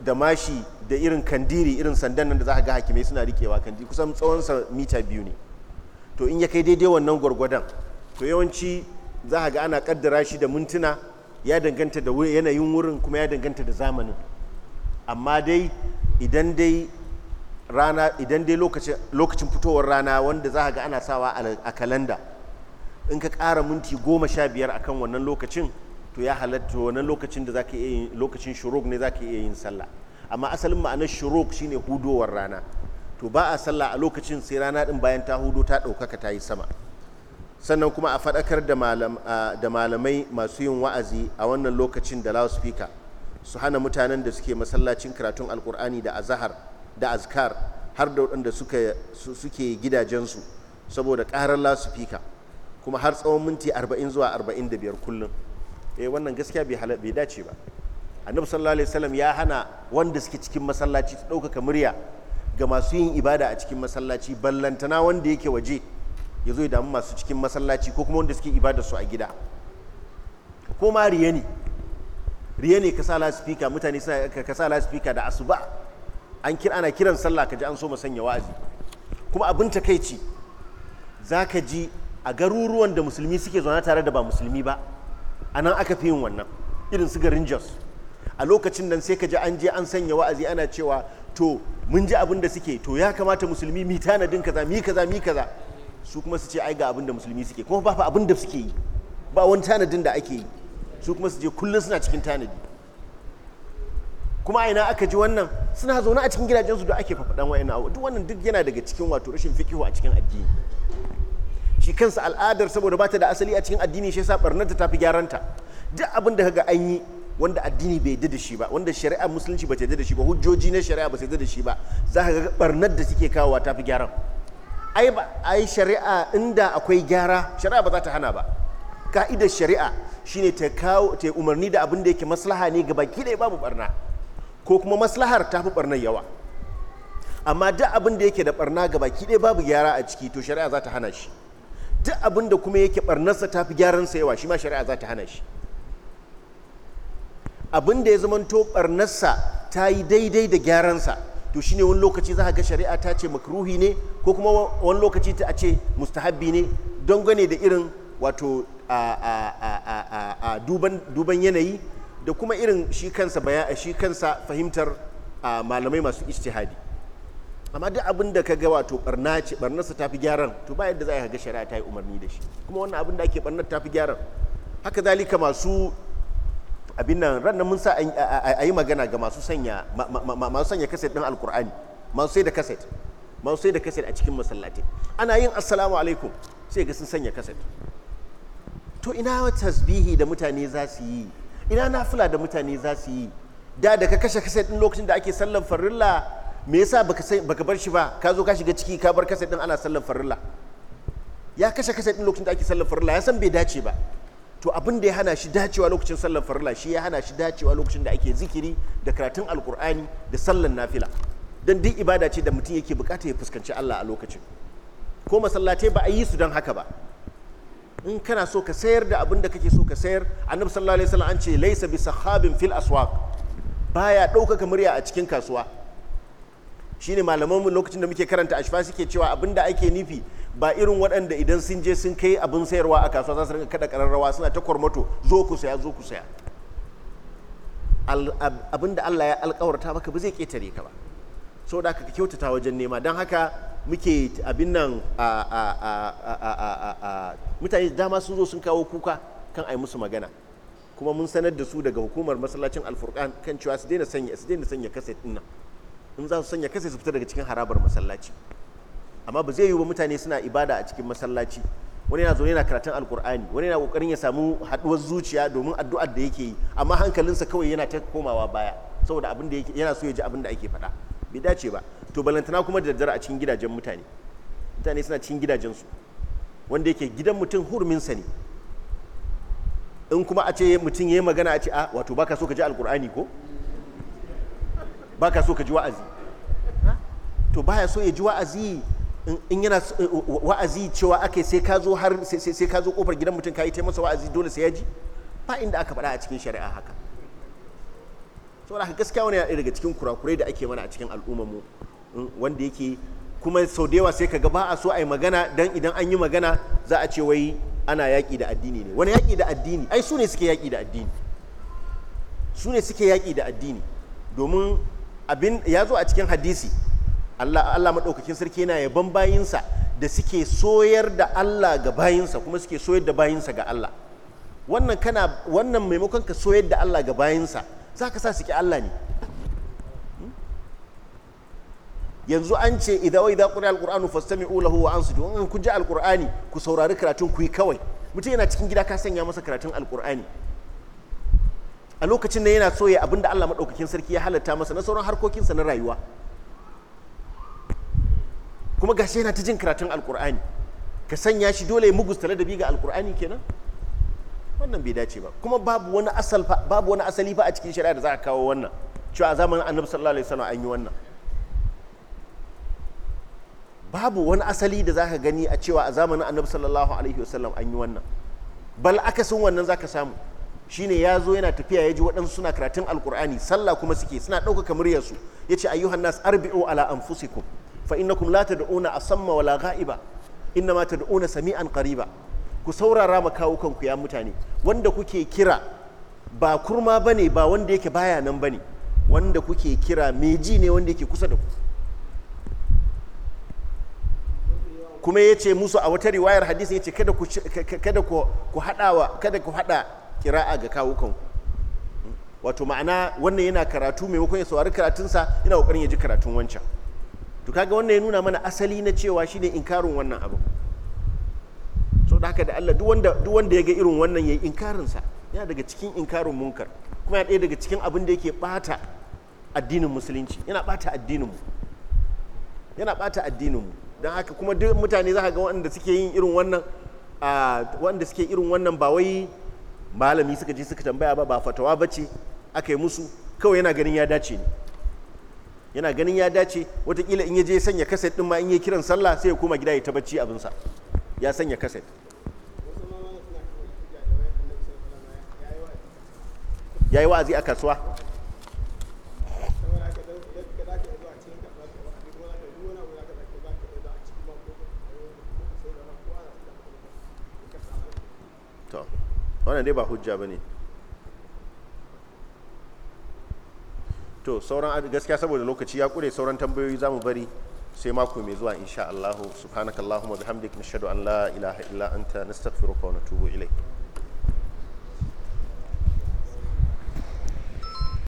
da mashi da irin kandiri irin sandan nan da za a ga hakimai suna rikewa kandi kusan tsawonsa mita biyu ne to in ya kai daidai wannan gwargwadon to yawanci za a ga ana kaddara shi da mintuna ya danganta da yanayin wurin kuma ya danganta da zamanin amma dai idan dai rana idan dai lokacin fitowar rana wanda za ga ana sawa a kalanda in ka ƙara minti goma sha biyar a kan wannan lokacin to ya halatta wannan lokacin da ka iya yin lokacin shuruk ne za ka iya yin sallah amma asalin ma'anar shuruk shine hudowar rana to ba a sallah a lokacin sai rana din bayan ta hudo ta ɗaukaka ta yi sama sannan kuma a faɗakar da malamai masu yin wa'azi a wannan lokacin da loudspeaker su hana mutanen da suke masallacin karatun alkur'ani da azahar da azkar har da waɗanda suke gidajensu saboda ƙarar lasufika kuma har tsawon minti 40 zuwa 45 kullum eh wannan gaskiya bai dace ba annabi sallallahu alaihi wasallam ya hana wanda suke cikin masallaci su ɗaukaka murya ga masu yin ibada a cikin masallaci ballantana wanda yake waje ya zo ya damu masu cikin masallaci ko kuma wanda suke ibada su a gida ko ma ne riya ne ka sa lasifika mutane ka sa lasifika da asuba an kira ana kiran sallah ka ji an so mu sanya wa'azi kuma abin takaici za ka ji a garuruwan da musulmi suke zaune tare da ba musulmi ba a nan aka fi yin wannan irin su garin jos a lokacin nan sai ka ji an je an sanya wa'azi ana cewa to mun ji abin da suke to ya kamata musulmi mi tanadin kaza mi kaza mi kaza su kuma su ce ai ga abin da musulmi suke kuma ba fa abin da suke yi ba wani tanadin da ake yi su kuma su je kullum suna cikin tanadi kuma ina aka ji wannan suna zaune a cikin gidajensu da ake fafaɗan wa'ina abu duk wannan duk yana daga cikin wato rashin fikihu a cikin addini shi kansa al'adar saboda ba ta da asali a cikin addini shi yasa barnarta ta fi ta duk abin da kaga an yi wanda addini bai yadda da shi ba wanda shari'a musulunci ba ta yadda da shi ba hujjoji na shari'a ba ta yadda da shi ba za ka ga barnar da suke kawowa ta fi gyaran ai ba ai shari'a inda akwai gyara shari'a ba za ta hana ba ka'idar shari'a shine ta kawo ta umarni da abin da yake maslaha ne ga baki ɗaya babu barna ko kuma maslahar ta fi barnar yawa amma duk abin da yake da barna ga baki ɗaya babu gyara a ciki to shari'a za ta hana shi duk abin da kuma yake barnarsa ta fi gyaransa yawa shi ma shari'a za ta hana shi abin da ya zamanto barnarsa ta yi daidai da gyaran sa to shine wani lokaci za a ga shari'a ta ce makruhi ne ko kuma wani lokaci ta ce mustahabbi ne don gane da irin wato a duban yanayi da kuma irin shi kansa shi kansa fahimtar malamai masu istihadi amma duk abin da ka ga wato barna ce barnarsa ta fi gyaran to ba yadda za a ga shari'a ta yi umarni da shi kuma wannan abin da ake barnar ta fi gyaran haka zalika masu abin nan ranar mun sa a yi magana ga masu sanya masu sanya kaset ɗin alkur'ani masu sai da kaset masu sai da kaset a cikin masallatai ana yin assalamu alaikum sai ga sun sanya kaset to ina tasbihi da mutane za su yi ina nafila da mutane za su yi da da ka kashe kaset din lokacin da ake sallan farilla me yasa baka baka bar shi ba ka zo ka shiga ciki ka bar kaset din ana sallan farilla ya kashe kaset din lokacin da ake sallan farilla ya san bai dace ba to abin da ya hana shi dacewa lokacin sallan farilla shi ya hana shi dacewa lokacin da ake zikiri da karatun alkur'ani da sallan nafila don duk ibada ce da mutum yake bukata ya fuskanci Allah a lokacin ko masallatai ba a yi su don haka ba in kana so ka sayar da abin da kake so ka sayar annabi sallallahu alaihi wasallam an ce laisa bi sahabin fil aswaq baya ɗaukaka murya a cikin kasuwa shine malaman mu lokacin da muke karanta ashfa suke cewa abin da ake nufi ba irin waɗanda idan sun je sun kai abin sayarwa a kasuwa za su rinka kada kararrawa suna ta kwarmato zo ku saya zo ku saya abin da Allah ya alkawarta maka ba zai ketare ka ba so da ka kyautata wajen nema don haka muke abin nan mutane da dama sun zo sun kawo kuka kan ai musu magana kuma mun sanar da su daga hukumar masallacin alfurkan kan cewa su daina sanya su daina sanya kaset din in za su sanya su fita daga cikin harabar masallaci amma ba zai yiwu ba mutane suna ibada a cikin masallaci wani yana zaune yana karatun alkur'ani wani yana kokarin ya samu haduwar zuciya domin addu'ar da yake yi amma hankalinsa kawai yana ta komawa baya saboda abin da yake yana so ya ji abin da ake faɗa bai dace ba to balantana kuma da daddare a cikin gidajen mutane mutane suna cikin gidajensu wanda yake gidan mutum hurminsa ne in kuma a ce mutum ya yi magana a ce a ah, wato baka so ka ji alkur'ani ko baka so ka ji wa'azi to baya so ya ji wa'azi in yana wa'azi cewa ake sai ka zo har sai ka zo kofar gidan mutum ka yi taimasa wa'azi dole sai ya ji ba inda aka faɗa a cikin shari'a haka saboda haka gaskiya wani yana daga cikin kurakurai da ake mana a cikin al'ummar mu wanda yake kuma sau da yawa sai ka ga ba a so a yi magana dan idan an yi magana za a ce wai ana yaƙi da addini ne wani yaƙi da addini ai su ne suke yaƙi da addini su ne suke yaƙi da addini domin abin ya zo a cikin hadisi Allah maɗaukakin sarki yana yaban bayinsa da suke soyar da Allah ga bayinsa kuma suke soyar da bayinsa ga Allah wannan kana wannan maimakon ka soyar da Allah ga bayinsa za ka sa suke Allah ne yanzu an ce idan wai idan qur'an alqur'anu fastami'u lahu wa ansitu in kun ji alƙur'ani ku saurari karatun ku yi kawai mutum yana cikin gida ka sanya masa karatun alƙur'ani a lokacin da yana so ya abinda Allah maɗaukakin sarki ya halatta masa na sauran harkokinsa na rayuwa kuma gashi yana ta jin karatun alƙur'ani ka sanya shi dole ya mugusta ladabi ga alqur'ani kenan wannan bai dace ba kuma babu wani babu wani asali fa a cikin shari'a da za a kawo wannan cewa a zamanin annabi sallallahu alaihi wasallam an yi wannan babu wani asali da zaka gani a cewa a zamanin annabi sallallahu alaihi wasallam an yi wannan bal akasin wannan zaka samu shine ya zo yana tafiya ya ji waɗansu suna karatun alkur'ani sallah kuma suke suna ɗaukaka muryarsu ya ce ayyuhan nas arbi'u ala anfusikum fa innakum la tad'una asamma wala gha'iba innama tad'una sami'an qariba ku saurara ma kawo kanku ya mutane wanda kuke kira ba kurma bane ba wanda yake baya nan bane wanda kuke kira meji ne wanda yake kusa da ku kuma ya ce musu a wata riwayar hadisi ya ce kada ku hada ku kada ku hada kira'a ga kawukan wato ma'ana wannan yana karatu maimakon ya saurari karatunsa yana kokarin ya ji karatun wancan to kaga wannan ya nuna mana asali na cewa shi ne inkarin wannan abu so da haka da Allah duk wanda duk wanda ya ga irin wannan yayi inkarin sa yana daga cikin inkarin munkar kuma yana ɗaya daga cikin abin da yake bata addinin musulunci yana bata addinin mu yana bata addinin mu don haka kuma duk mutane za ka ga waɗanda suke yin irin wannan waɗanda suke irin wannan ba wai malami suka je suka tambaya ba ba fatawa ba ce aka yi musu kawai yana ganin ya dace ne yana ganin ya dace watakila in ya je sanya kaset ɗin ma in ya kiran sallah sai ya koma gida ya tabbaci bacci abinsa ya sanya kaset ya wa'azi a kasuwa wannan dai ba hujja ba ne to sauran gaskiya saboda lokaci ya kure sauran tambayoyi za mu bari sai mako mai zuwa insha Allahu subhanakallahumma bihamdik nashhadu an la ilaha illa anta nastaghfiruka wa natubu ilayk